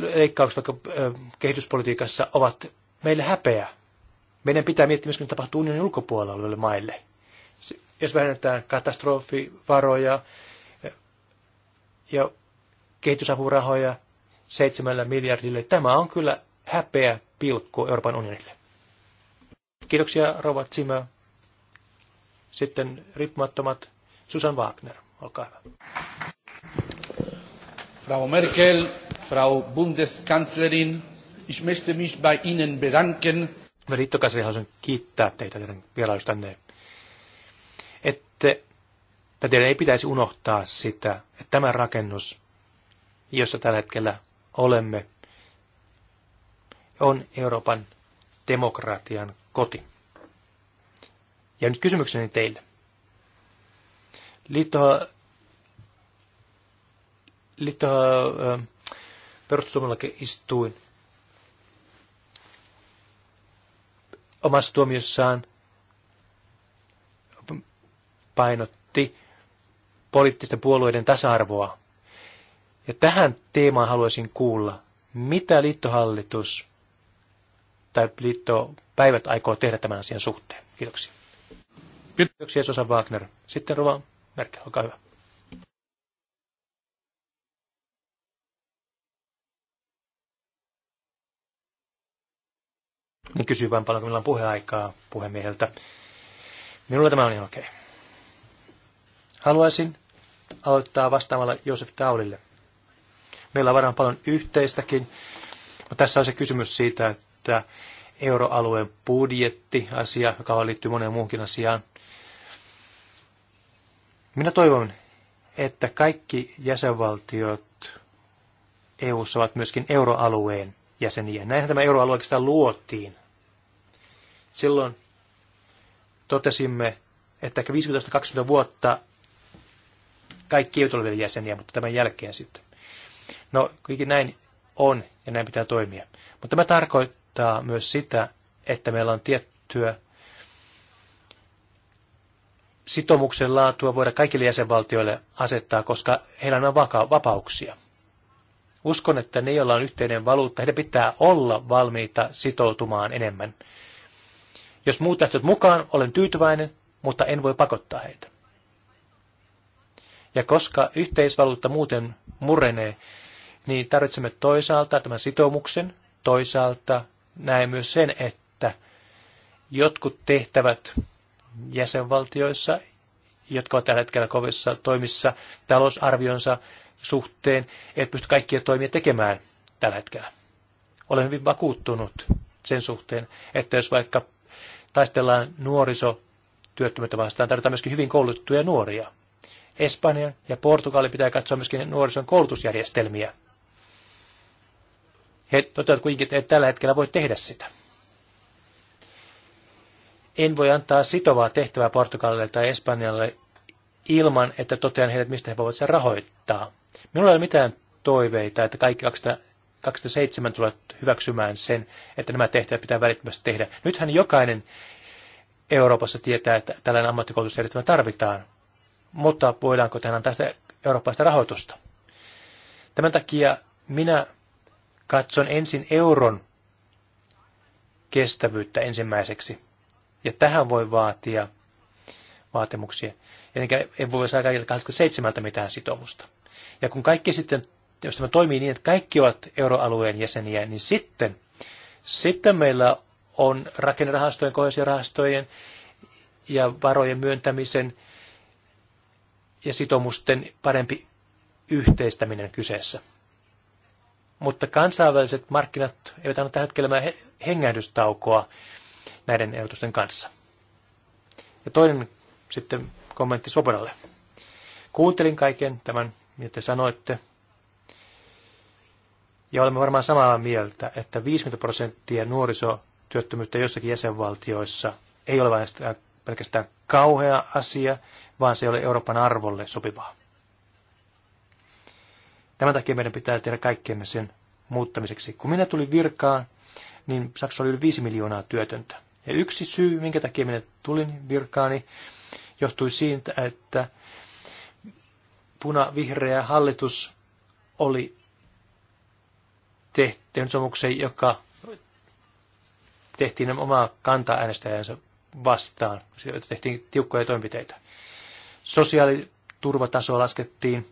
leikkaukset vaikka kehityspolitiikassa ovat meille häpeä. Meidän pitää miettiä myös, mitä tapahtuu unionin ulkopuolella oleville maille. Jos vähennetään katastrofivaroja ja kehitysapurahoja seitsemällä miljardille, tämä on kyllä häpeä pilkku Euroopan unionille. Kiitoksia Rova Zimmer. Sitten riippumattomat Susan Wagner, olkaa hyvä. Bravo Merkel, Frau Bundeskanzlerin, ich möchte mich bei Ihnen bedanken. Liittokansleri, haluaisin kiittää teitä teidän vierailustanne. että teidän ei pitäisi unohtaa sitä, että tämä rakennus, jossa tällä hetkellä olemme, on Euroopan demokratian koti. Ja nyt kysymykseni teille. Liitto, liitto, istuin omassa tuomiossaan painotti poliittisten puolueiden tasa-arvoa. Ja tähän teemaan haluaisin kuulla, mitä liittohallitus tai liittopäivät aikoo tehdä tämän asian suhteen. Kiitoksia. Kiitoksia, Sosa Wagner. Sitten Rova Merkel, olkaa hyvä. Ne niin kysyy vain paljonko meillä on puheaikaa puhemieheltä. Minulla tämä on niin okei. Okay. Haluaisin aloittaa vastaamalla Josef Taulille. Meillä on varmaan paljon yhteistäkin, mutta tässä on se kysymys siitä, että euroalueen budjetti, asia, joka liittyy moneen muuhunkin asiaan. Minä toivon, että kaikki jäsenvaltiot EU ovat myöskin euroalueen jäseniä. Näinhän tämä euroalue oikeastaan luotiin Silloin totesimme, että ehkä 15-20 vuotta kaikki eivät ole vielä jäseniä, mutta tämän jälkeen sitten. No, kuitenkin näin on ja näin pitää toimia. Mutta tämä tarkoittaa myös sitä, että meillä on tiettyä sitoumuksen laatua voida kaikille jäsenvaltioille asettaa, koska heillä on vaka- vapauksia. Uskon, että ne, joilla on yhteinen valuutta, heidän pitää olla valmiita sitoutumaan enemmän jos muut lähtevät mukaan, olen tyytyväinen, mutta en voi pakottaa heitä. Ja koska yhteisvaluutta muuten murenee, niin tarvitsemme toisaalta tämän sitoumuksen, toisaalta näen myös sen, että jotkut tehtävät jäsenvaltioissa, jotka ovat tällä hetkellä kovissa toimissa talousarvionsa suhteen, eivät pysty kaikkia toimia tekemään tällä hetkellä. Olen hyvin vakuuttunut sen suhteen, että jos vaikka taistellaan työttömyyttä vastaan, tarvitaan myöskin hyvin koulutettuja nuoria. Espanjan ja Portugali pitää katsoa myöskin nuorison koulutusjärjestelmiä. He toteavat kuitenkin, että tällä hetkellä voi tehdä sitä. En voi antaa sitovaa tehtävää Portugalille tai Espanjalle ilman, että totean heille, mistä he voivat sen rahoittaa. Minulla ei ole mitään toiveita, että kaikki 200 2007 tulevat hyväksymään sen, että nämä tehtävät pitää välittömästi tehdä. Nythän jokainen Euroopassa tietää, että tällainen ammattikoulutusjärjestelmä tarvitaan, mutta voidaanko tähän antaa sitä eurooppaista rahoitusta? Tämän takia minä katson ensin euron kestävyyttä ensimmäiseksi. Ja tähän voi vaatia vaatimuksia. Jotenkin en voi saada kaikille 27 mitään sitoumusta. Ja kun kaikki sitten jos tämä toimii niin, että kaikki ovat euroalueen jäseniä, niin sitten, sitten meillä on rakennerahastojen, kohesiorahastojen ja varojen myöntämisen ja sitomusten parempi yhteistäminen kyseessä. Mutta kansainväliset markkinat eivät anna tällä hetkellä hengähdystaukoa näiden ehdotusten kanssa. Ja toinen sitten kommentti Sopodalle. Kuuntelin kaiken tämän, mitä te sanoitte, ja olemme varmaan samaa mieltä, että 50 prosenttia nuorisotyöttömyyttä jossakin jäsenvaltioissa ei ole vain pelkästään kauhea asia, vaan se ei ole Euroopan arvolle sopivaa. Tämän takia meidän pitää tehdä kaikkemme sen muuttamiseksi. Kun minä tulin virkaan, niin Saksassa oli yli 5 miljoonaa työtöntä. Ja yksi syy, minkä takia minä tulin virkaani, johtui siitä, että puna-vihreä hallitus oli tehnyt sopimuksen, joka tehtiin omaa kantaa äänestäjänsä vastaan. Sieltä tehtiin tiukkoja toimenpiteitä. Sosiaaliturvatasoa laskettiin.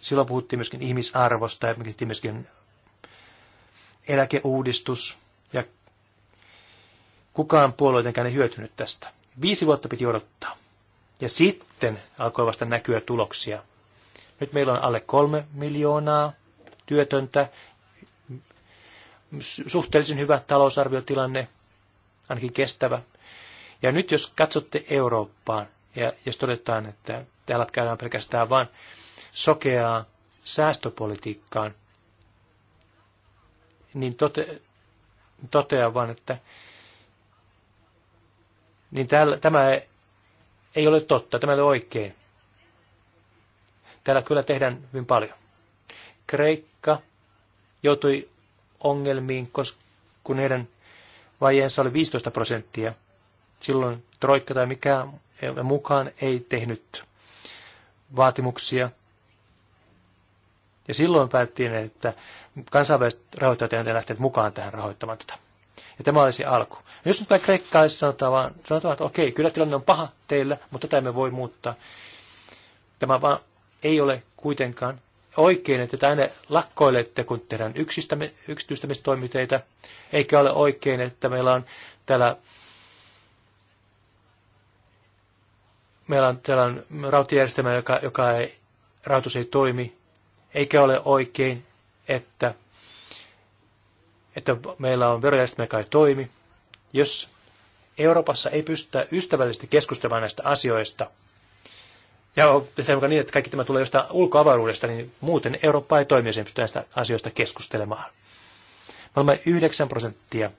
Silloin puhuttiin myöskin ihmisarvosta ja puhuttiin myöskin eläkeuudistus. Ja kukaan puolueitenkään ei hyötynyt tästä. Viisi vuotta piti odottaa. Ja sitten alkoi vasta näkyä tuloksia. Nyt meillä on alle kolme miljoonaa työtöntä, suhteellisen hyvä talousarviotilanne, ainakin kestävä. Ja nyt jos katsotte Eurooppaan, ja jos todetaan, että täällä käydään pelkästään vain sokeaa säästöpolitiikkaan, niin tote, totean vain, että niin täällä, tämä ei ole totta, tämä ei ole oikein. Täällä kyllä tehdään hyvin paljon. Kreikka joutui ongelmiin, koska kun heidän vajeensa oli 15 prosenttia. Silloin Troikka tai mikään mukaan ei tehnyt vaatimuksia. Ja silloin päättiin, että kansainväliset rahoittajat eivät lähteneet mukaan tähän rahoittamaan tätä. Ja tämä olisi alku. Jos nyt vaikka kreikkalaiset sanotaan, vaan, sanotaan, että okei, kyllä tilanne on paha teillä, mutta tätä me voi muuttaa. Tämä vaan ei ole kuitenkaan oikein, että tänne lakkoilette, kun tehdään yksityistämistoimiteita, eikä ole oikein, että meillä on täällä meillä on, täällä on joka, joka ei, rautus ei toimi, eikä ole oikein, että, että meillä on verojärjestelmä, joka ei toimi. Jos Euroopassa ei pystytä ystävällisesti keskustelemaan näistä asioista, ja se on niin, että kaikki tämä tulee jostain ulkoavaruudesta, niin muuten Eurooppa ei toimi, jos ei näistä asioista keskustelemaan. Me olemme 9 prosenttia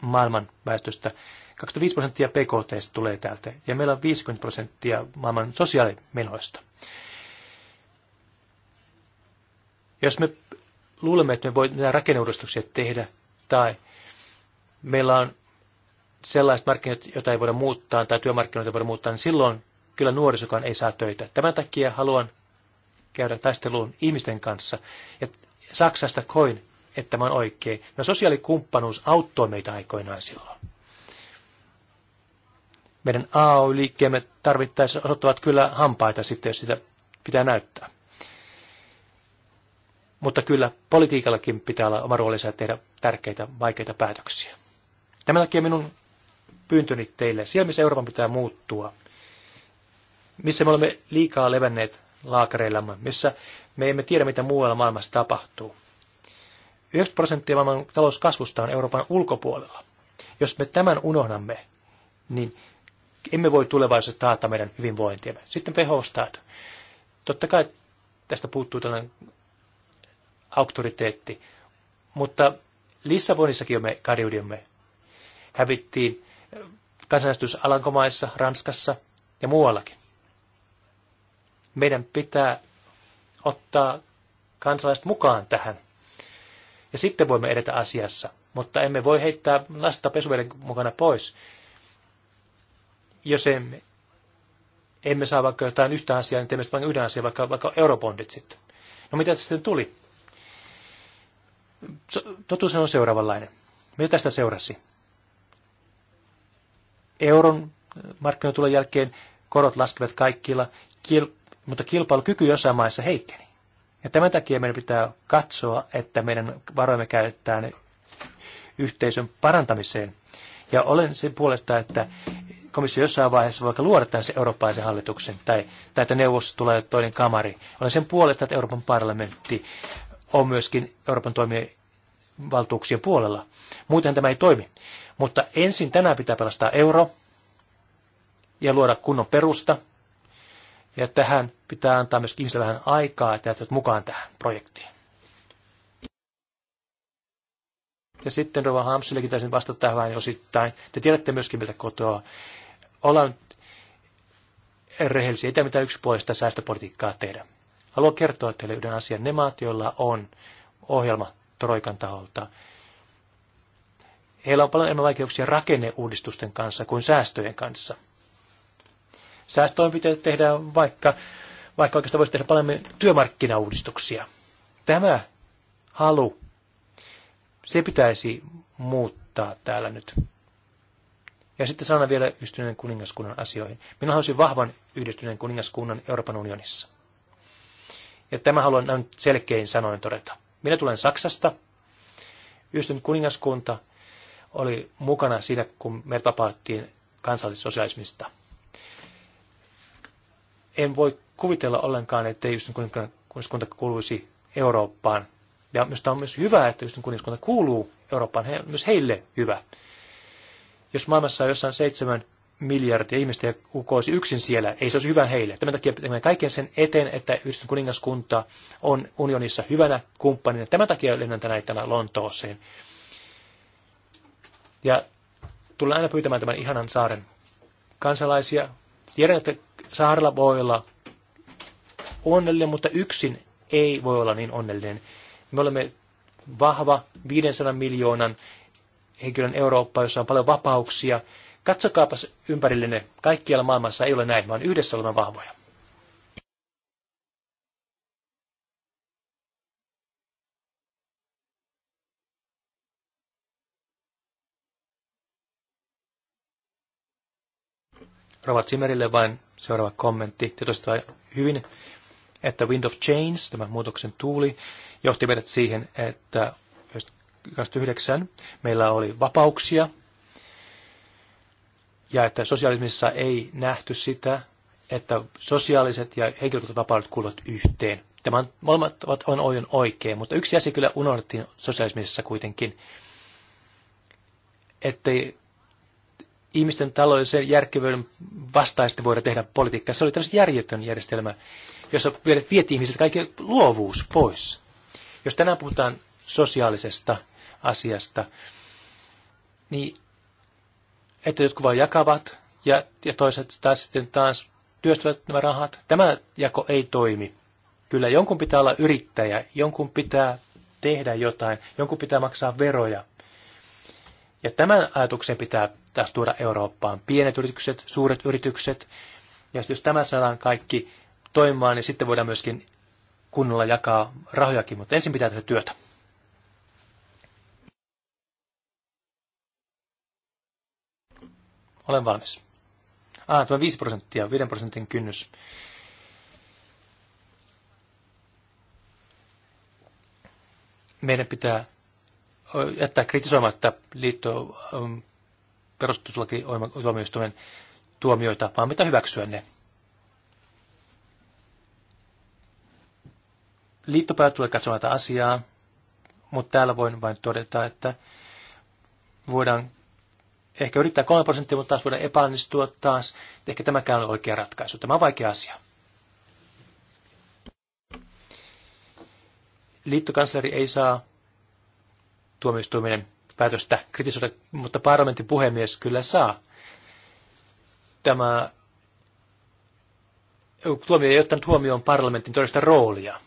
maailman väestöstä, 25 prosenttia PKT tulee täältä, ja meillä on 50 prosenttia maailman sosiaalimenoista. Jos me luulemme, että me voimme rakenneuudistuksia tehdä, tai meillä on sellaiset markkinat, joita ei voida muuttaa, tai työmarkkinoita ei voida muuttaa, niin silloin kyllä nuorisokaan ei saa töitä. Tämän takia haluan käydä taisteluun ihmisten kanssa. Ja Saksasta koin, että tämä on oikein. No sosiaalikumppanuus auttoi meitä aikoinaan silloin. Meidän AO-liikkeemme tarvittaessa osoittavat kyllä hampaita sitten, jos sitä pitää näyttää. Mutta kyllä politiikallakin pitää olla oma roolinsa tehdä tärkeitä, vaikeita päätöksiä. Tämän takia minun pyyntöni teille, siellä missä Euroopan pitää muuttua, missä me olemme liikaa levänneet laakareillamme, missä me emme tiedä, mitä muualla maailmassa tapahtuu. 90 prosenttia maailman talouskasvusta on Euroopan ulkopuolella. Jos me tämän unohdamme, niin emme voi tulevaisuudessa taata meidän hyvinvointiamme. Sitten pehostat. Totta kai tästä puuttuu tällainen auktoriteetti, mutta Lissabonissakin me kariudimme. Hävittiin eh, kansanäänestys Alankomaissa, Ranskassa ja muuallakin meidän pitää ottaa kansalaiset mukaan tähän. Ja sitten voimme edetä asiassa, mutta emme voi heittää lasta pesuveden mukana pois, jos emme, emme saa vaikka jotain yhtä asiaa, niin teemme vain yhden asian, vaikka, vaikka eurobondit sitten. No mitä sitten tuli? Totuus on seuraavanlainen. Mitä tästä seurasi? Euron markkinoitulon jälkeen korot laskevat kaikilla, mutta kilpailukyky jossain maissa heikkeni. Ja tämän takia meidän pitää katsoa, että meidän varoimme käytetään yhteisön parantamiseen. Ja olen sen puolesta, että komissio jossain vaiheessa voi luoda tämän eurooppalaisen hallituksen, tai, tai että neuvosto tulee toinen kamari. Olen sen puolesta, että Euroopan parlamentti on myöskin Euroopan toimivaltuuksien puolella. Muuten tämä ei toimi. Mutta ensin tänään pitää pelastaa euro ja luoda kunnon perusta, ja tähän pitää antaa myös ihmisille vähän aikaa, että jättävät mukaan tähän projektiin. Ja sitten Rova Hamsillekin täysin vastata tähän vähän osittain. Te tiedätte myöskin, miltä kotoa. Ollaan rehellisiä, ei mitä yksipuolista säästöpolitiikkaa tehdä. Haluan kertoa teille yhden asian. Ne maat, joilla on ohjelma Troikan taholta, heillä on paljon enemmän vaikeuksia rakenneuudistusten kanssa kuin säästöjen kanssa säästötoimenpiteitä tehdään, vaikka, vaikka oikeastaan voisi tehdä paljon työmarkkinauudistuksia. Tämä halu, se pitäisi muuttaa täällä nyt. Ja sitten sanan vielä yhdistyneen kuningaskunnan asioihin. Minä haluaisin vahvan yhdistyneen kuningaskunnan Euroopan unionissa. Ja tämä haluan nyt selkein sanoin todeta. Minä tulen Saksasta. Yhdistynyt kuningaskunta oli mukana siinä, kun me tapahtiin kansallissosialismista en voi kuvitella ollenkaan, että just niin kuningaskunta kuuluisi Eurooppaan. Ja tämä on myös hyvä, että just niin kuningaskunta kuuluu Eurooppaan, he, myös heille hyvä. Jos maailmassa on jossain seitsemän miljardia ihmistä ja kukoisi yksin siellä, ei se olisi hyvä heille. Tämän takia teemme kaiken sen eteen, että yhdistyn niin kuningaskunta on unionissa hyvänä kumppanina. Tämän takia lennän tänä tänä Lontooseen. Ja tullaan aina pyytämään tämän ihanan saaren kansalaisia Tiedän, että saarella voi olla onnellinen, mutta yksin ei voi olla niin onnellinen. Me olemme vahva 500 miljoonan henkilön Eurooppa, jossa on paljon vapauksia. Katsokaapas ympärillenne, kaikkialla maailmassa ei ole näin, vaan yhdessä olemme vahvoja. Rava Zimmerille vain seuraava kommentti. Tietysti hyvin, että Wind of Change, tämä muutoksen tuuli, johti meidät siihen, että 29 meillä oli vapauksia ja että sosiaalismissa ei nähty sitä, että sosiaaliset ja henkilökohtaiset vapaudet kuuluvat yhteen. Tämä on, molemmat ovat on oion oikein, mutta yksi asia kyllä unohdettiin sosiaalismissa kuitenkin, että ihmisten taloudellisen järkevyyden vastaisesti voida tehdä politiikkaa. Se oli tämmöinen järjetön järjestelmä, jossa vietiin ihmisiltä kaikki luovuus pois. Jos tänään puhutaan sosiaalisesta asiasta, niin että jotkut vain jakavat ja, ja toiset taas sitten taas työstävät nämä rahat. Tämä jako ei toimi. Kyllä jonkun pitää olla yrittäjä, jonkun pitää tehdä jotain, jonkun pitää maksaa veroja. Ja tämän ajatuksen pitää taas tuoda Eurooppaan. Pienet yritykset, suuret yritykset. Ja jos tämä saadaan kaikki toimimaan, niin sitten voidaan myöskin kunnolla jakaa rahojakin, mutta ensin pitää tehdä työtä. Olen valmis. Ah, tuo 5 prosenttia, 5 prosentin kynnys. Meidän pitää jättää kritisoimatta liitto, um, perustuslaki-tuomioistuimen tuomioita, vaan mitä hyväksyä ne. Liittopäät tulee katsomaan tätä asiaa, mutta täällä voin vain todeta, että voidaan ehkä yrittää 3 prosenttia, mutta taas voidaan epäonnistua taas. Ehkä tämäkään on oikea ratkaisu. Tämä on vaikea asia. Liittokansleri ei saa tuomioistuimen päätöstä kritisoida, mutta parlamentin puhemies kyllä saa. Tämä tuomio ei ottanut huomioon parlamentin todellista roolia.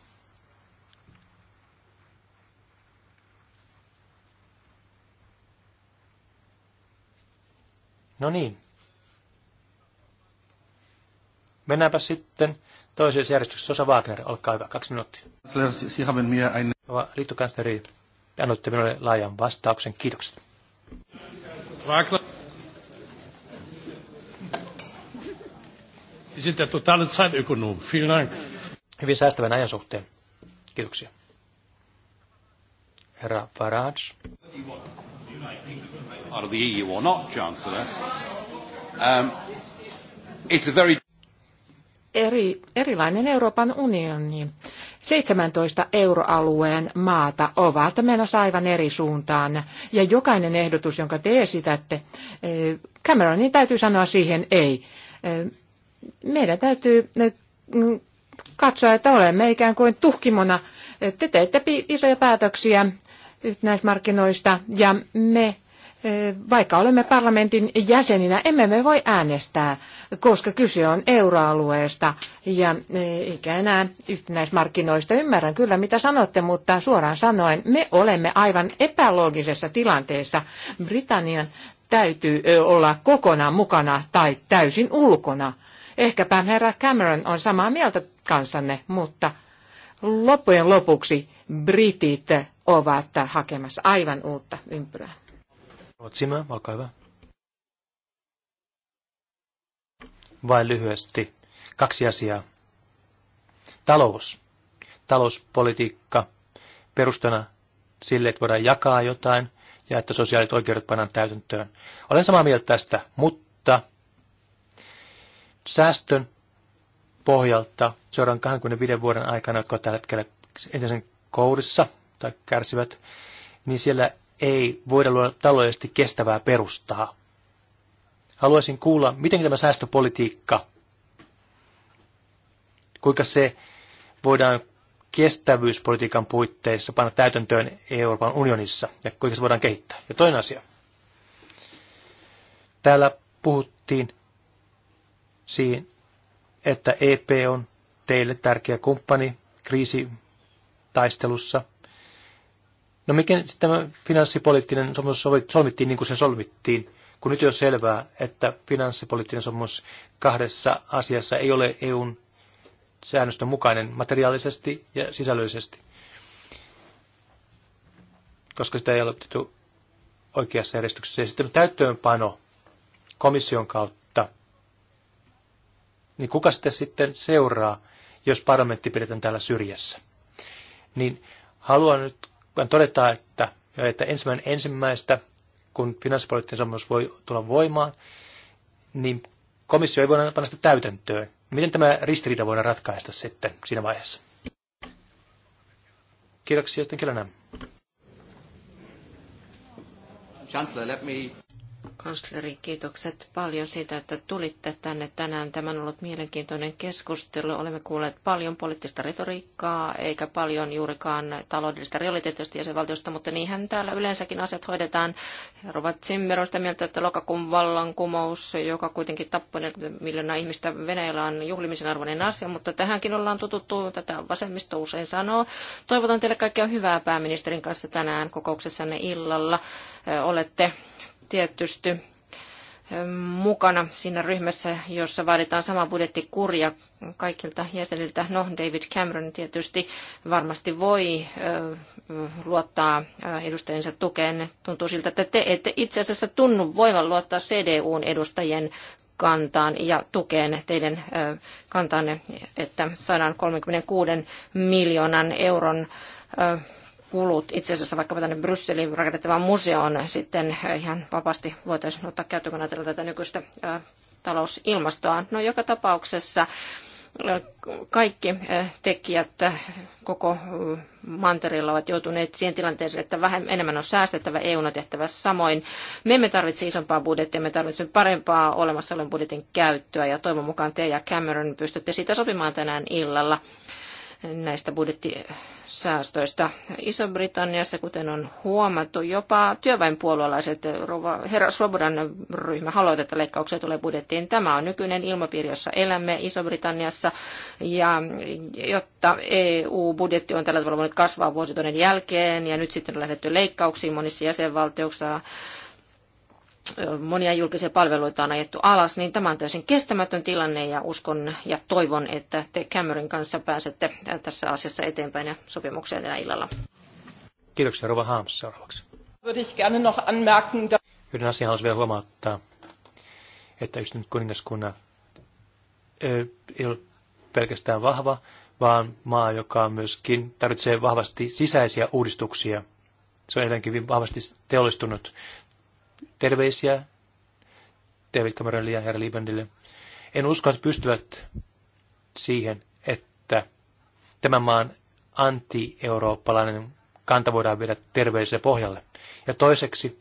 No niin. Mennäänpä sitten toisessa järjestyksessä. Osa Wagner, olkaa hyvä. Kaksi minuuttia. Liittokansleri ja annoitte minulle laajan vastauksen. Kiitokset. Hyvin säästävän ajan suhteen. Kiitoksia. Herra Farage. Out of the EU or not, Chancellor. Um, it's a very eri, erilainen Euroopan unioni. 17 euroalueen maata ovat menossa aivan eri suuntaan. Ja jokainen ehdotus, jonka te esitätte, eh, Cameronin täytyy sanoa siihen ei. Eh, meidän täytyy eh, mm, katsoa, että olemme ikään kuin tuhkimona. Te teette isoja päätöksiä yhtenäismarkkinoista ja me Eh, vaikka olemme parlamentin jäseninä, emme me voi äänestää, koska kyse on euroalueesta ja eh, eikä enää yhtenäismarkkinoista. Ymmärrän kyllä, mitä sanotte, mutta suoraan sanoen me olemme aivan epäloogisessa tilanteessa. Britannian täytyy eh, olla kokonaan mukana tai täysin ulkona. Ehkäpä herra Cameron on samaa mieltä kanssanne, mutta loppujen lopuksi britit ovat hakemassa aivan uutta ympyrää. Otsimä, olkaa hyvä. Vain lyhyesti. Kaksi asiaa. Talous. Talouspolitiikka perustana sille, että voidaan jakaa jotain ja että sosiaaliset oikeudet pannaan täytäntöön. Olen samaa mieltä tästä, mutta säästön pohjalta seuraavan 25 vuoden aikana, jotka ovat tällä hetkellä entisen kourissa tai kärsivät, niin siellä ei voida luoda taloudellisesti kestävää perustaa. Haluaisin kuulla, miten tämä säästöpolitiikka, kuinka se voidaan kestävyyspolitiikan puitteissa panna täytäntöön Euroopan unionissa ja kuinka se voidaan kehittää. Ja toinen asia. Täällä puhuttiin siihen, että EP on teille tärkeä kumppani kriisitaistelussa. No mikä tämä finanssipoliittinen sopimus solmittiin niin kuin se solmittiin, kun nyt on selvää, että finanssipoliittinen sopimus kahdessa asiassa ei ole EUn säännösten mukainen materiaalisesti ja sisällöllisesti, koska sitä ei ole otettu oikeassa järjestyksessä. Ja sitten täyttöönpano komission kautta, niin kuka sitä sitten seuraa, jos parlamentti pidetään täällä syrjässä? Niin haluan nyt todetaan, että, että ensimmäinen ensimmäistä, kun finanssipoliittinen sopimus voi tulla voimaan, niin komissio ei voida panna sitä täytäntöön. Miten tämä ristiriita voidaan ratkaista sitten siinä vaiheessa? Kiitoksia sitten Kilänä. Chancellor, let me kansleri, kiitokset paljon siitä, että tulitte tänne tänään. Tämä on ollut mielenkiintoinen keskustelu. Olemme kuulleet paljon poliittista retoriikkaa, eikä paljon juurikaan taloudellista realiteettista jäsenvaltiosta, mutta niinhän täällä yleensäkin asiat hoidetaan. Rovat Zimmer on sitä mieltä, että lokakuun vallankumous, joka kuitenkin tappoi 40 miljoonaa ihmistä Venäjällä, on juhlimisen arvoinen asia, mutta tähänkin ollaan tututtu, tätä vasemmisto usein sanoo. Toivotan teille kaikkea hyvää pääministerin kanssa tänään kokouksessanne illalla. Olette tietysti mukana siinä ryhmässä, jossa vaaditaan sama budjettikuria kaikilta jäseniltä. No, David Cameron tietysti varmasti voi luottaa edustajiensa tukeen. Tuntuu siltä, että te ette itse asiassa tunnu voivan luottaa CDUn edustajien kantaan ja tukeen teidän kantanne, että 136 miljoonan euron kulut. Itse asiassa vaikka tänne Brysseliin rakennettavaan museoon sitten eh, ihan vapaasti voitaisiin ottaa käyttöön, kun ajatellaan tätä nykyistä eh, talousilmastoa. No joka tapauksessa eh, kaikki tekijät koko mantereella ovat joutuneet siihen tilanteeseen, että vähemmän, enemmän on säästettävä, EU on tehtävä samoin. Me emme tarvitse isompaa budjettia, me tarvitsemme parempaa olemassa olevan budjetin käyttöä ja toivon mukaan te ja Cameron pystytte siitä sopimaan tänään illalla näistä budjettisäästöistä. Iso-Britanniassa, kuten on huomattu, jopa työväenpuolueelaiset, herra Slobodan ryhmä haluavat, että leikkauksia tulee budjettiin. Tämä on nykyinen ilmapiiri, jossa elämme Iso-Britanniassa, ja jotta EU-budjetti on tällä tavalla voinut kasvaa vuosituinen jälkeen, ja nyt sitten on lähdetty leikkauksiin monissa jäsenvaltioissa, monia julkisia palveluita on ajettu alas, niin tämä on täysin kestämätön tilanne ja uskon ja toivon, että te Cameronin kanssa pääsette tässä asiassa eteenpäin ja sopimukseen tänä illalla. Kiitoksia Rova Haams seuraavaksi. Yhden asian haluaisin vielä huomauttaa, että yksityinen kuningaskunnan ei ole pelkästään vahva, vaan maa, joka myöskin tarvitsee vahvasti sisäisiä uudistuksia. Se on edelleenkin vahvasti teollistunut terveisiä David Cameronille ja herra Liebendille. En usko, että pystyvät siihen, että tämän maan anti-eurooppalainen kanta voidaan viedä terveiselle pohjalle. Ja toiseksi,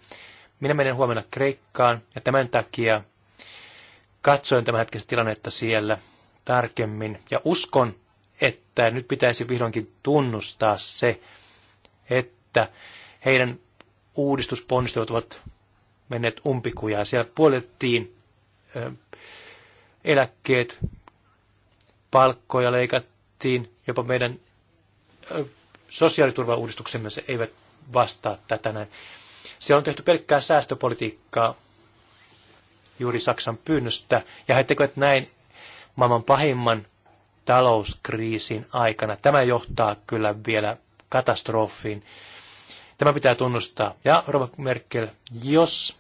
minä menen huomenna Kreikkaan ja tämän takia katsoin tämän hetkistä tilannetta siellä tarkemmin ja uskon, että nyt pitäisi vihdoinkin tunnustaa se, että heidän uudistusponnistelut ovat menneet umpikujaan. Siellä puolettiin eläkkeet, palkkoja leikattiin, jopa meidän sosiaaliturvauudistuksemme se eivät vastaa tätä näin. Siellä on tehty pelkkää säästöpolitiikkaa juuri Saksan pyynnöstä, ja he tekevät näin maailman pahimman talouskriisin aikana. Tämä johtaa kyllä vielä katastrofiin. Tämä pitää tunnustaa. Ja Rova Merkel, jos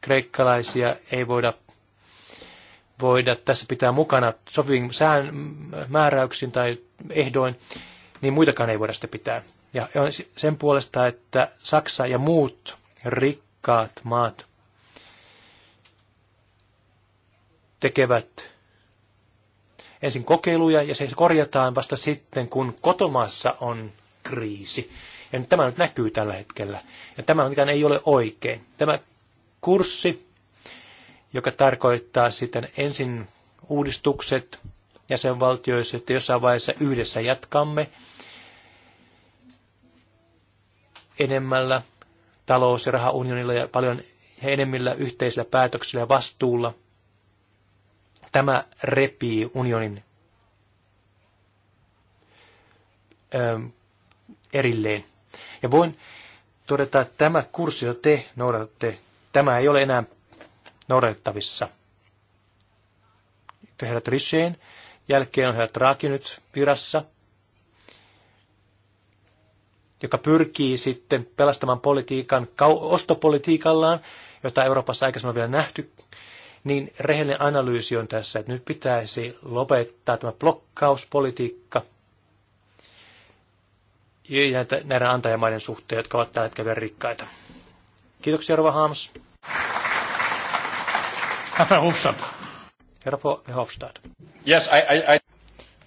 kreikkalaisia ei voida, voida tässä pitää mukana sopivin sään määräyksin tai ehdoin, niin muitakaan ei voida sitä pitää. Ja sen puolesta, että Saksa ja muut rikkaat maat tekevät ensin kokeiluja ja se korjataan vasta sitten, kun kotomaassa on kriisi. Ja nyt tämä nyt näkyy tällä hetkellä. Ja tämä mikään ei ole oikein. Tämä kurssi, joka tarkoittaa sitten ensin uudistukset jäsenvaltioissa, että jossain vaiheessa yhdessä jatkamme enemmällä talous- ja rahaunionilla ja paljon enemmillä yhteisillä päätöksillä ja vastuulla. Tämä repii unionin erilleen. Ja voin todeta, että tämä kurssi, jota te noudatatte, tämä ei ole enää noudatettavissa. Herrat Trisheen jälkeen on herrat Draghi nyt virassa, joka pyrkii sitten pelastamaan politiikan ostopolitiikallaan, jota Euroopassa aikaisemmin on vielä nähty, niin rehellinen analyysi on tässä, että nyt pitäisi lopettaa tämä blokkauspolitiikka, ja näiden antajamaiden suhteen, jotka ovat tällä hetkellä vielä rikkaita. Kiitoksia, Rova Haams. Herra Hofstad. Yes, I, I, I...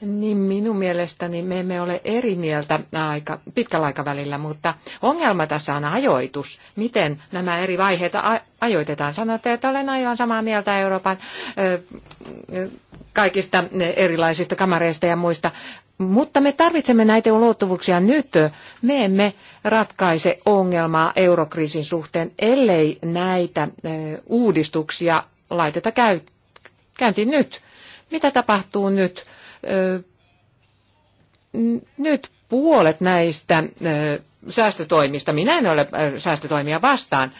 Niin minun mielestäni me emme ole eri mieltä aika pitkällä aikavälillä, mutta ongelma tässä on ajoitus. Miten nämä eri vaiheet ajoitetaan? Sanotte, että olen aivan samaa mieltä Euroopan ö, kaikista erilaisista kamareista ja muista, mutta me tarvitsemme näitä ulottuvuuksia nyt. Me emme ratkaise ongelmaa eurokriisin suhteen, ellei näitä uudistuksia laiteta käy, käyntiin nyt. Mitä tapahtuu nyt? nyt puolet näistä säästötoimista, minä en ole säästötoimia vastaan,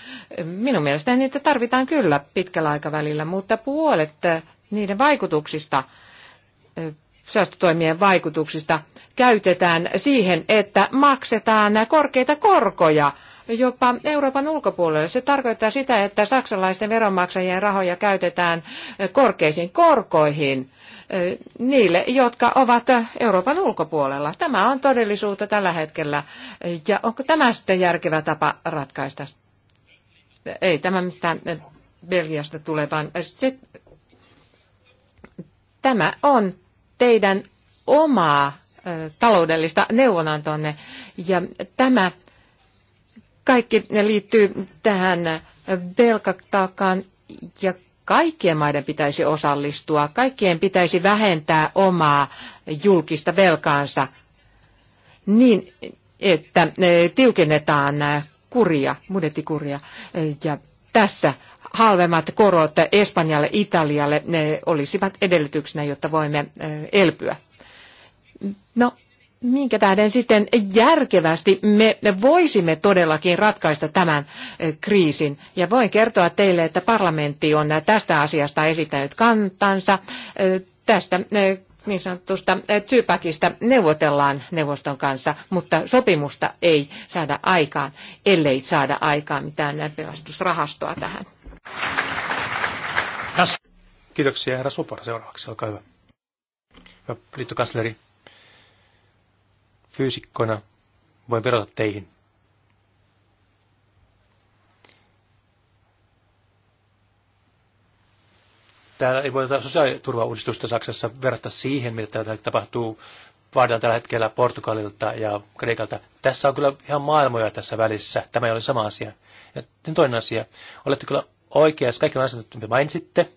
minun mielestäni niitä tarvitaan kyllä pitkällä aikavälillä, mutta puolet niiden vaikutuksista, säästötoimien vaikutuksista käytetään siihen, että maksetaan korkeita korkoja jopa Euroopan ulkopuolelle. Se tarkoittaa sitä, että saksalaisten veronmaksajien rahoja käytetään korkeisiin korkoihin niille, jotka ovat Euroopan ulkopuolella. Tämä on todellisuutta tällä hetkellä. Ja onko tämä sitten järkevä tapa ratkaista? Ei tämä mistään Belgiasta tule, vaan se, tämä on teidän omaa taloudellista neuvonantonne. Ja tämä kaikki liittyy tähän velkataakaan ja kaikkien maiden pitäisi osallistua. Kaikkien pitäisi vähentää omaa julkista velkaansa niin, että tiukennetaan kuria, budjettikuria. Ja tässä halvemmat korot Espanjalle, Italialle ne olisivat edellytyksenä, jotta voimme elpyä. No, minkä tähden sitten järkevästi me voisimme todellakin ratkaista tämän eh, kriisin. Ja voin kertoa teille, että parlamentti on eh, tästä asiasta esittänyt kantansa. Eh, tästä niin sanotusta tyypäkistä neuvotellaan neuvoston kanssa, mutta sopimusta ei saada aikaan, ellei saada aikaan mitään pelastusrahastoa tähän. Kiitoksia herra Supora. Seuraavaksi, olkaa hyvä. Liittokansleri fyysikkona voin verrata teihin. Täällä ei voi sosiaaliturvauudistusta Saksassa verrata siihen, mitä täällä tapahtuu vaaditaan tällä hetkellä Portugalilta ja Kreikalta. Tässä on kyllä ihan maailmoja tässä välissä. Tämä ei ole sama asia. Ja toinen asia. Olette kyllä oikeassa kaikilla asioilla, mitä mainitsitte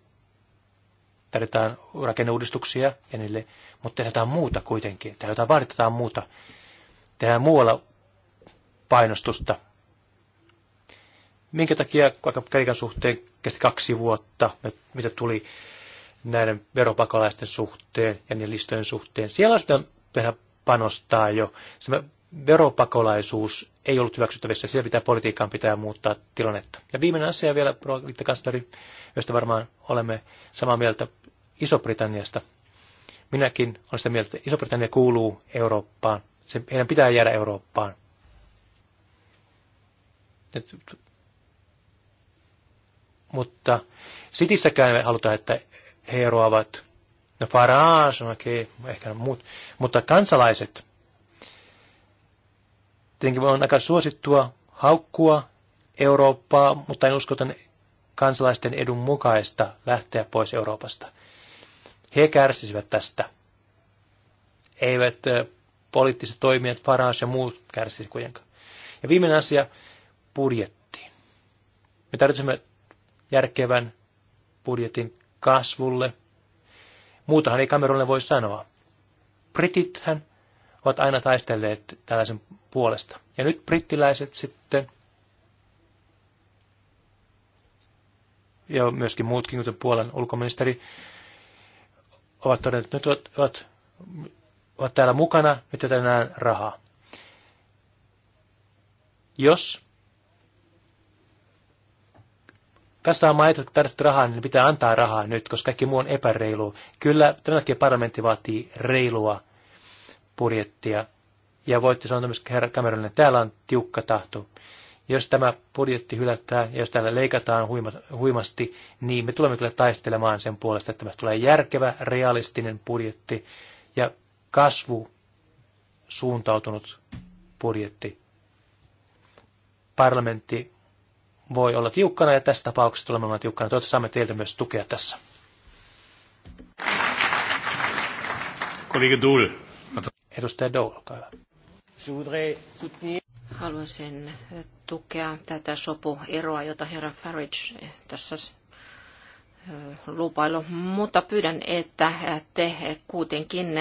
tarvitaan rakenneuudistuksia ja niille, mutta tehdään jotain muuta kuitenkin. Tehdään jotain, vaaditaan muuta. Tehdään muualla painostusta. Minkä takia vaikka Kreikan suhteen kesti kaksi vuotta, mitä tuli näiden veropakolaisten suhteen ja niiden listojen suhteen. Siellä on tehdä panostaa jo. Se veropakolaisuus ei ollut hyväksyttävissä, siellä pitää politiikkaan pitää muuttaa tilannetta. Ja viimeinen asia vielä, liittokansleri, josta varmaan olemme samaa mieltä, Iso-Britanniasta. Minäkin olen sitä mieltä, että Iso-Britannia kuuluu Eurooppaan. Se, heidän pitää jäädä Eurooppaan. Et, mutta Sitissäkään halutaan, että he eroavat. No Farage, no, okei, okay, ehkä muut. Mutta kansalaiset, tietenkin on aika suosittua haukkua Eurooppaa, mutta en usko, että kansalaisten edun mukaista lähteä pois Euroopasta. He kärsisivät tästä. Eivät poliittiset toimijat, Farage ja muut kärsisivät kuitenkaan. Ja viimeinen asia, budjettiin. Me tarvitsemme järkevän budjetin kasvulle. Muutahan ei Cameronille voi sanoa. Britithän ovat aina taistelleet tällaisen puolesta. Ja nyt brittiläiset sitten, ja myöskin muutkin, kuten Puolan ulkoministeri, ovat todenneet, että nyt ovat, ovat, ovat täällä mukana, nyt tänään rahaa. Jos kastaa maita, että tarvitset rahaa, niin pitää antaa rahaa nyt, koska kaikki muu on epäreilu. Kyllä, tämän takia parlamentti vaatii reilua budjettia. Ja voitte sanoa myös herra Cameronille, täällä on tiukka tahto. Jos tämä budjetti hylättää ja jos täällä leikataan huimasti, niin me tulemme kyllä taistelemaan sen puolesta, että tämä tulee järkevä, realistinen budjetti ja kasvu suuntautunut budjetti. Parlamentti voi olla tiukkana ja tässä tapauksessa tulemme olemaan tiukkana. Toivottavasti saamme teiltä myös tukea tässä. Kollega Duhl. Edustaja Dole, olkaa hyvä haluaisin tukea tätä sopueroa, jota herra Farage tässä lupailu, mutta pyydän, että te kuitenkin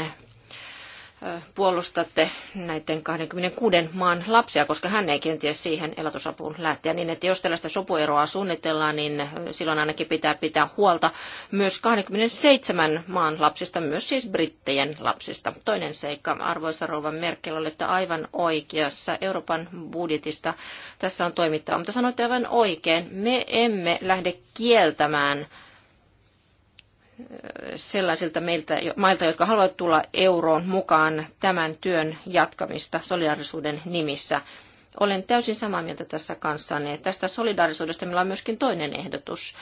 puolustatte näiden 26 maan lapsia, koska hän ei kenties siihen elatusapuun lähteä. Niin, että jos tällaista sopueroa suunnitellaan, niin silloin ainakin pitää pitää huolta myös 27 maan lapsista, myös siis brittejen lapsista. Toinen seikka, arvoisa rouva Merkel, olette aivan oikeassa Euroopan budjetista. Tässä on toimittava, mutta sanoitte aivan oikein, me emme lähde kieltämään sellaisilta meiltä, mailta, jotka haluavat tulla euroon mukaan tämän työn jatkamista solidaarisuuden nimissä. Olen täysin samaa mieltä tässä kanssanne. Tästä solidaarisuudesta meillä on myöskin toinen ehdotus.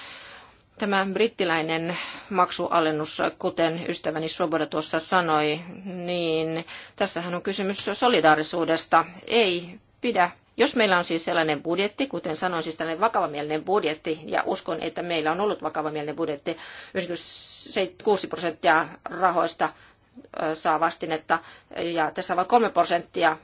Tämä brittiläinen maksualennus, kuten ystäväni Svoboda tuossa sanoi, niin tässähän on kysymys solidaarisuudesta. Ei pidä jos meillä on siis sellainen budjetti, kuten sanoin, siis tällainen vakavamielinen budjetti, ja uskon, että meillä on ollut vakavamielinen budjetti, 96 prosenttia rahoista saa vastinetta, ja tässä on vain 3 prosenttia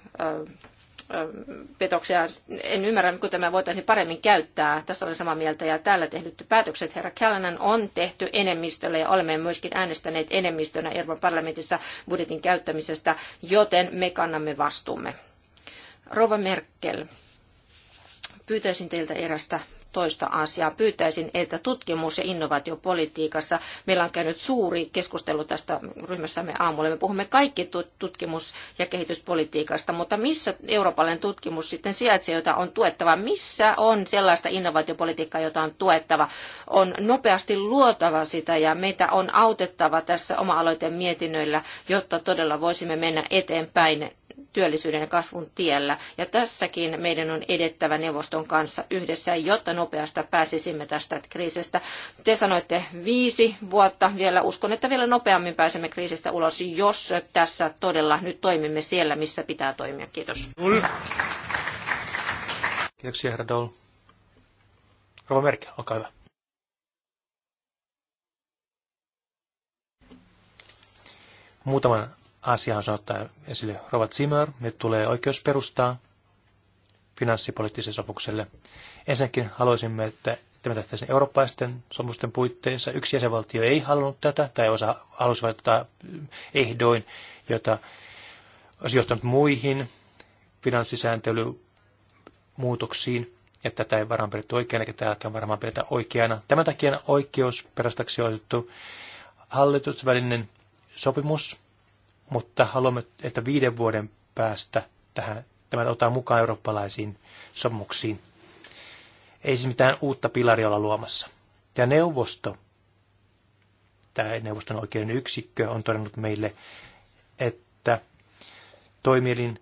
petoksia. En ymmärrä, kun tämä voitaisiin paremmin käyttää. Tässä olen samaa mieltä ja täällä tehdyt päätökset, herra Callanan, on tehty enemmistöllä ja olemme myöskin äänestäneet enemmistönä Euroopan parlamentissa budjetin käyttämisestä, joten me kannamme vastuumme. Rova Merkel, pyytäisin teiltä erästä toista asiaa. Pyytäisin, että tutkimus- ja innovaatiopolitiikassa meillä on käynyt suuri keskustelu tästä ryhmässämme aamulla. Me puhumme kaikki tutkimus- ja kehityspolitiikasta, mutta missä eurooppalainen tutkimus sitten sijaitsee, jota on tuettava? Missä on sellaista innovaatiopolitiikkaa, jota on tuettava? On nopeasti luotava sitä ja meitä on autettava tässä oma-aloiteen mietinnöillä, jotta todella voisimme mennä eteenpäin työllisyyden ja kasvun tiellä. Ja tässäkin meidän on edettävä neuvoston kanssa yhdessä, jotta nopeasta pääsisimme tästä kriisistä. Te sanoitte viisi vuotta vielä. Uskon, että vielä nopeammin pääsemme kriisistä ulos, jos tässä todella nyt toimimme siellä, missä pitää toimia. Kiitos. Kiitoksia, herra Dol. Rova Merkel, olkaa hyvä. Muutaman asia on ottaa esille Rova Zimmer. Nyt tulee oikeus perustaa finanssipoliittiselle sopukselle. Ensinnäkin haluaisimme, että tämä tehtäisiin eurooppaisten sopimusten puitteissa. Yksi jäsenvaltio ei halunnut tätä tai osa halusi tätä ehdoin, jota olisi johtanut muihin finanssisääntelymuutoksiin. Ja tätä ei varmaan pidetty oikeana, eikä täälläkään varmaan pidetä oikeana. Tämän takia oikeus perustaksi otettu hallitusvälinen sopimus mutta haluamme, että viiden vuoden päästä tähän, tämän otetaan mukaan eurooppalaisiin sommuksiin. Ei siis mitään uutta pilaria olla luomassa. Ja neuvosto, tämä neuvoston oikeuden yksikkö on todennut meille, että toimielin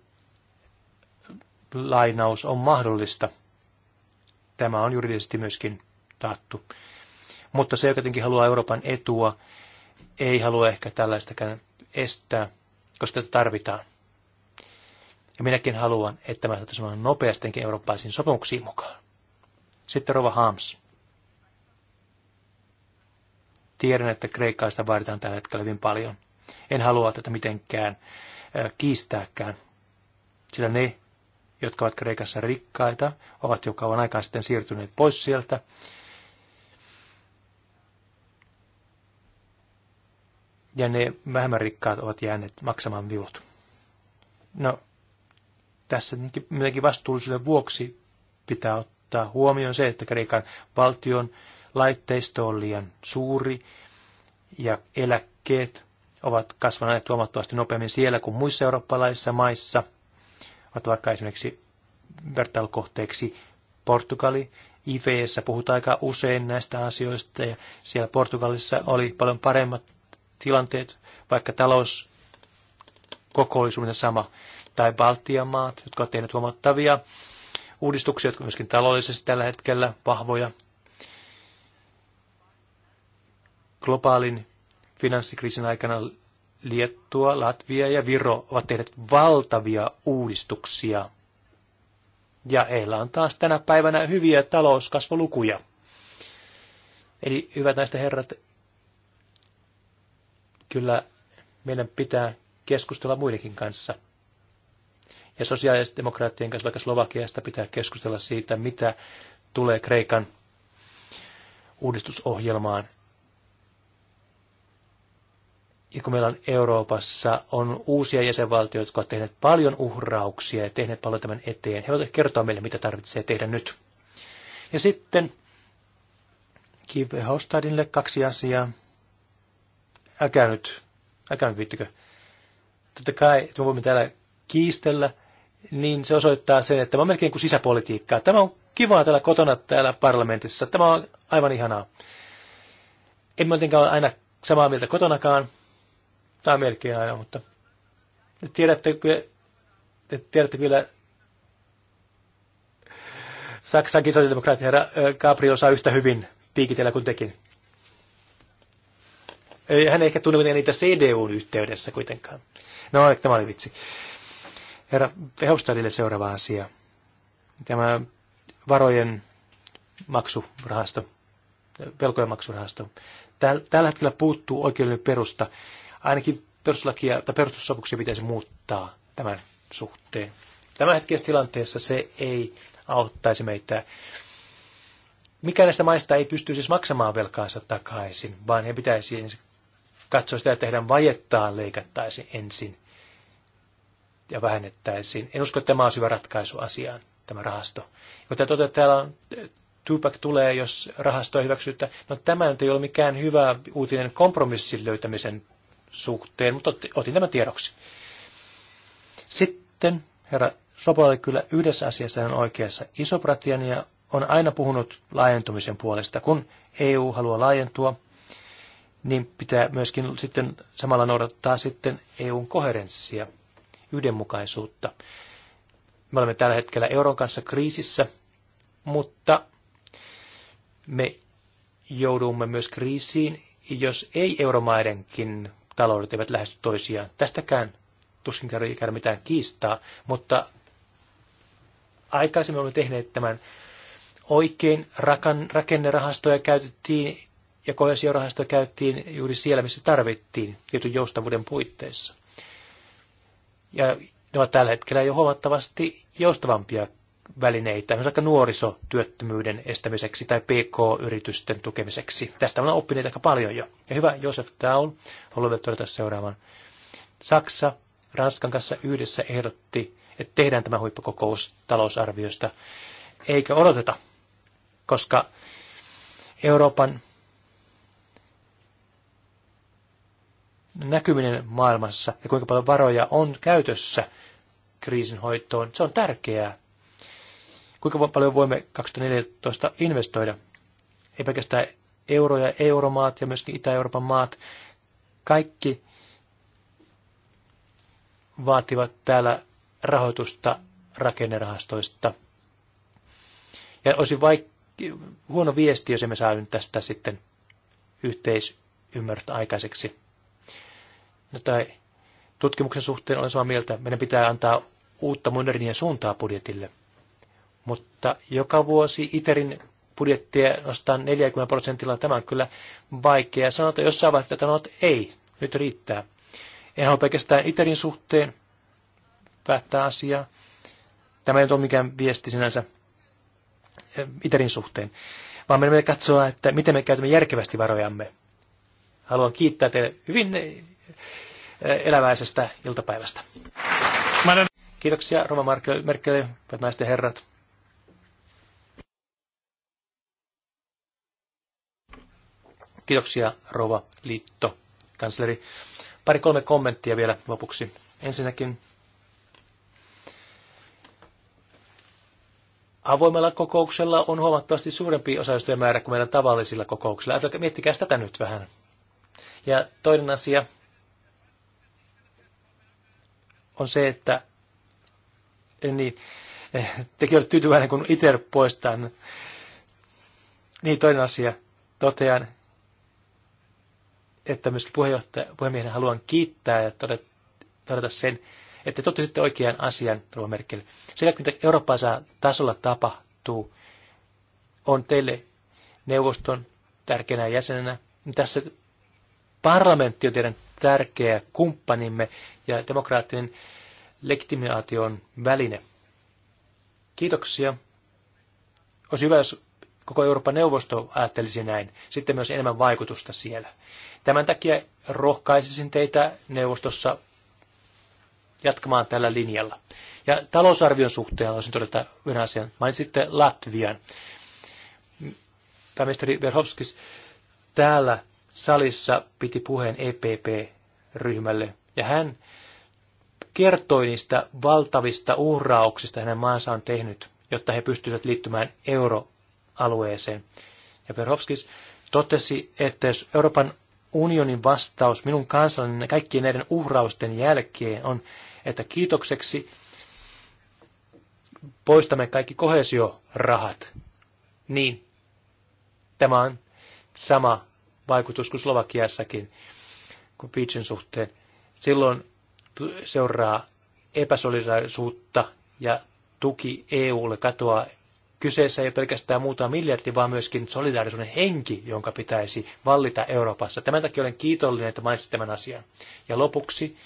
lainaus on mahdollista. Tämä on juridisesti myöskin taattu. Mutta se, joka jotenkin haluaa Euroopan etua, ei halua ehkä tällaistakään estää koska tätä tarvitaan. Ja minäkin haluan, että mä saataisiin nopeastikin eurooppalaisiin sopimuksiin mukaan. Sitten Rova Hams. Tiedän, että kreikkaista vaaditaan tällä hetkellä hyvin paljon. En halua tätä mitenkään kiistääkään, sillä ne, jotka ovat Kreikassa rikkaita, ovat jo kauan aikaa sitten siirtyneet pois sieltä, ja ne vähemmän rikkaat ovat jääneet maksamaan viulut. No, tässä jotenkin vastuullisuuden vuoksi pitää ottaa huomioon se, että Kreikan valtion laitteisto on liian suuri ja eläkkeet ovat kasvaneet huomattavasti nopeammin siellä kuin muissa eurooppalaisissa maissa. Ovat vaikka esimerkiksi vertailukohteeksi Portugali. IVEssä puhutaan aika usein näistä asioista ja siellä Portugalissa oli paljon paremmat tilanteet, vaikka talous kokoisuuden sama, tai Baltian maat, jotka ovat tehneet huomattavia uudistuksia, jotka myöskin taloudellisesti tällä hetkellä vahvoja. Globaalin finanssikriisin aikana Liettua, Latvia ja Viro ovat tehneet valtavia uudistuksia. Ja heillä on taas tänä päivänä hyviä talouskasvolukuja. Eli hyvät näistä herrat, kyllä meidän pitää keskustella muidenkin kanssa. Ja sosiaalidemokraattien kanssa, vaikka Slovakiasta, pitää keskustella siitä, mitä tulee Kreikan uudistusohjelmaan. Ja kun meillä on Euroopassa on uusia jäsenvaltioita, jotka ovat tehneet paljon uhrauksia ja tehneet paljon tämän eteen, he voivat kertoa meille, mitä tarvitsee tehdä nyt. Ja sitten Kive Hostadille kaksi asiaa älkää nyt, älkää nyt viittikö. Totta kai, että me voimme täällä kiistellä, niin se osoittaa sen, että tämä on melkein kuin sisäpolitiikkaa. Tämä on kivaa täällä kotona täällä parlamentissa. Tämä on aivan ihanaa. En mä ole aina samaa mieltä kotonakaan. on melkein aina, mutta te tiedätte, kyllä, te tiedätte kyllä Saksan sosiaalidemokraatti herra Gabriel osaa yhtä hyvin piikitellä kuin tekin. Hän ei ehkä tunne niitä CDUn yhteydessä kuitenkaan. No, tämä oli vitsi. Herra Verhofstadille seuraava asia. Tämä varojen maksurahasto, velkojen maksurahasto. Tällä hetkellä puuttuu oikeudellinen perusta. Ainakin perustuslakia tai perustussopuksia pitäisi muuttaa tämän suhteen. Tämän hetkessä tilanteessa se ei auttaisi meitä. Mikään näistä maista ei pystyisi siis maksamaan velkaansa takaisin, vaan he pitäisi katsoa sitä, että heidän vajettaan leikattaisiin ensin ja vähennettäisiin. En usko, että tämä on hyvä ratkaisu asiaan, tämä rahasto. Mutta että täällä on, eh, Tupac tulee, jos rahasto ei hyväksy, että no tämä nyt ei ole mikään hyvä uutinen kompromissin löytämisen suhteen, mutta otin tämän tiedoksi. Sitten herra Sopola oli kyllä yhdessä asiassa hän oikeassa. iso on aina puhunut laajentumisen puolesta. Kun EU haluaa laajentua, niin pitää myöskin sitten samalla noudattaa sitten EUn koherenssia, yhdenmukaisuutta. Me olemme tällä hetkellä euron kanssa kriisissä, mutta me joudumme myös kriisiin, jos ei euromaidenkin taloudet eivät lähesty toisiaan. Tästäkään tuskin käydä mitään kiistaa, mutta aikaisemmin olemme tehneet tämän oikein. Rakan, rakennerahastoja käytettiin ja kohesiorahastoa käyttiin juuri siellä, missä tarvittiin tietyn joustavuuden puitteissa. Ja ne ovat tällä hetkellä jo huomattavasti joustavampia välineitä, myös aika nuorisotyöttömyyden estämiseksi tai PK-yritysten tukemiseksi. Tästä on oppineet aika paljon jo. Ja hyvä, Josef Daul, haluan vielä todeta seuraavan. Saksa Ranskan kanssa yhdessä ehdotti, että tehdään tämä huippukokous talousarviosta, eikä odoteta, koska Euroopan näkyminen maailmassa ja kuinka paljon varoja on käytössä kriisin hoitoon, se on tärkeää. Kuinka paljon voimme 2014 investoida? Ei pelkästään euroja, euromaat ja myöskin Itä-Euroopan maat. Kaikki vaativat täällä rahoitusta rakennerahastoista. Ja olisi vaik- huono viesti, jos emme saa tästä sitten yhteisymmärrystä aikaiseksi. No, tai tutkimuksen suhteen olen samaa mieltä. Meidän pitää antaa uutta modernia suuntaa budjetille. Mutta joka vuosi ITERin budjettia nostaa 40 prosentilla. Tämä on kyllä vaikea sanoa, että jossain vaiheessa sanoo, että ei, nyt riittää. En halua pelkästään ITERin suhteen päättää asiaa. Tämä ei ole mikään viesti sinänsä eh, ITERin suhteen, vaan meidän pitää katsoa, että miten me käytämme järkevästi varojamme. Haluan kiittää teille hyvin Eh, eläväisestä iltapäivästä. Kiitoksia Rova Merkel, hyvät naiset ja herrat. Kiitoksia Rova Liitto, kansleri. Pari kolme kommenttia vielä lopuksi. Ensinnäkin avoimella kokouksella on huomattavasti suurempi osallistujamäärä kuin meidän tavallisilla kokouksilla. Ajatelkaa, miettikää tätä nyt vähän. Ja toinen asia, on se, että eh, niin, eh, tekin olette tyytyväinen, kun itse poistan Niin, toinen asia. Totean, että myös puhemiehenä haluan kiittää ja todeta, todeta sen, että sitten oikean asian, Rova Merkel. Sekä mitä Euroopan tasolla tapahtuu, on teille neuvoston tärkeänä jäsenenä. Tässä parlamentti on teidän tärkeä kumppanimme ja demokraattinen legitimaation väline. Kiitoksia. Olisi hyvä, jos koko Euroopan neuvosto ajattelisi näin. Sitten myös enemmän vaikutusta siellä. Tämän takia rohkaisisin teitä neuvostossa jatkamaan tällä linjalla. Ja talousarvion suhteen olisin todeta yhden asian. Mainitsitte Latvian. Pääministeri Verhovskis täällä salissa piti puheen EPP-ryhmälle ja hän kertoi niistä valtavista uhrauksista hänen maansa on tehnyt, jotta he pystyisivät liittymään euroalueeseen. Ja Verhovskis totesi, että jos Euroopan unionin vastaus minun kansallani kaikkien näiden uhrausten jälkeen on, että kiitokseksi poistamme kaikki kohesiorahat, niin tämä on sama vaikutus kuin Slovakiassakin, kuin Beachin suhteen. Silloin seuraa epäsolidaisuutta ja tuki EUlle katoaa. Kyseessä ei pelkästään muutama miljardi, vaan myöskin solidaarisuuden henki, jonka pitäisi vallita Euroopassa. Tämän takia olen kiitollinen, että mainitsit tämän asian. Ja lopuksi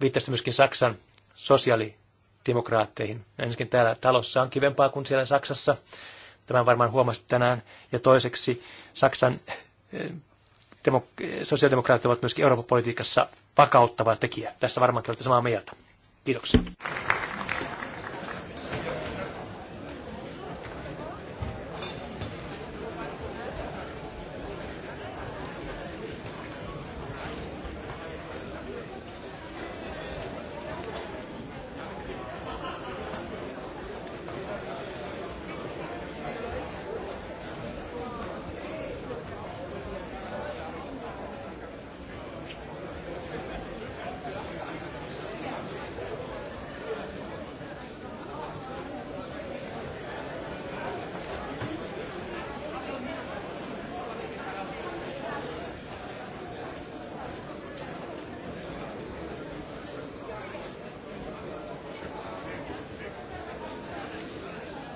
viittasit myöskin Saksan sosiaalidemokraatteihin. Ensinnäkin täällä talossa on kivempaa kuin siellä Saksassa. Tämän varmaan huomasit tänään. Ja toiseksi Saksan sosiaalidemokraatit ovat myöskin Euroopan politiikassa vakauttava tekijä. Tässä varmaankin olette samaa mieltä. Kiitoksia.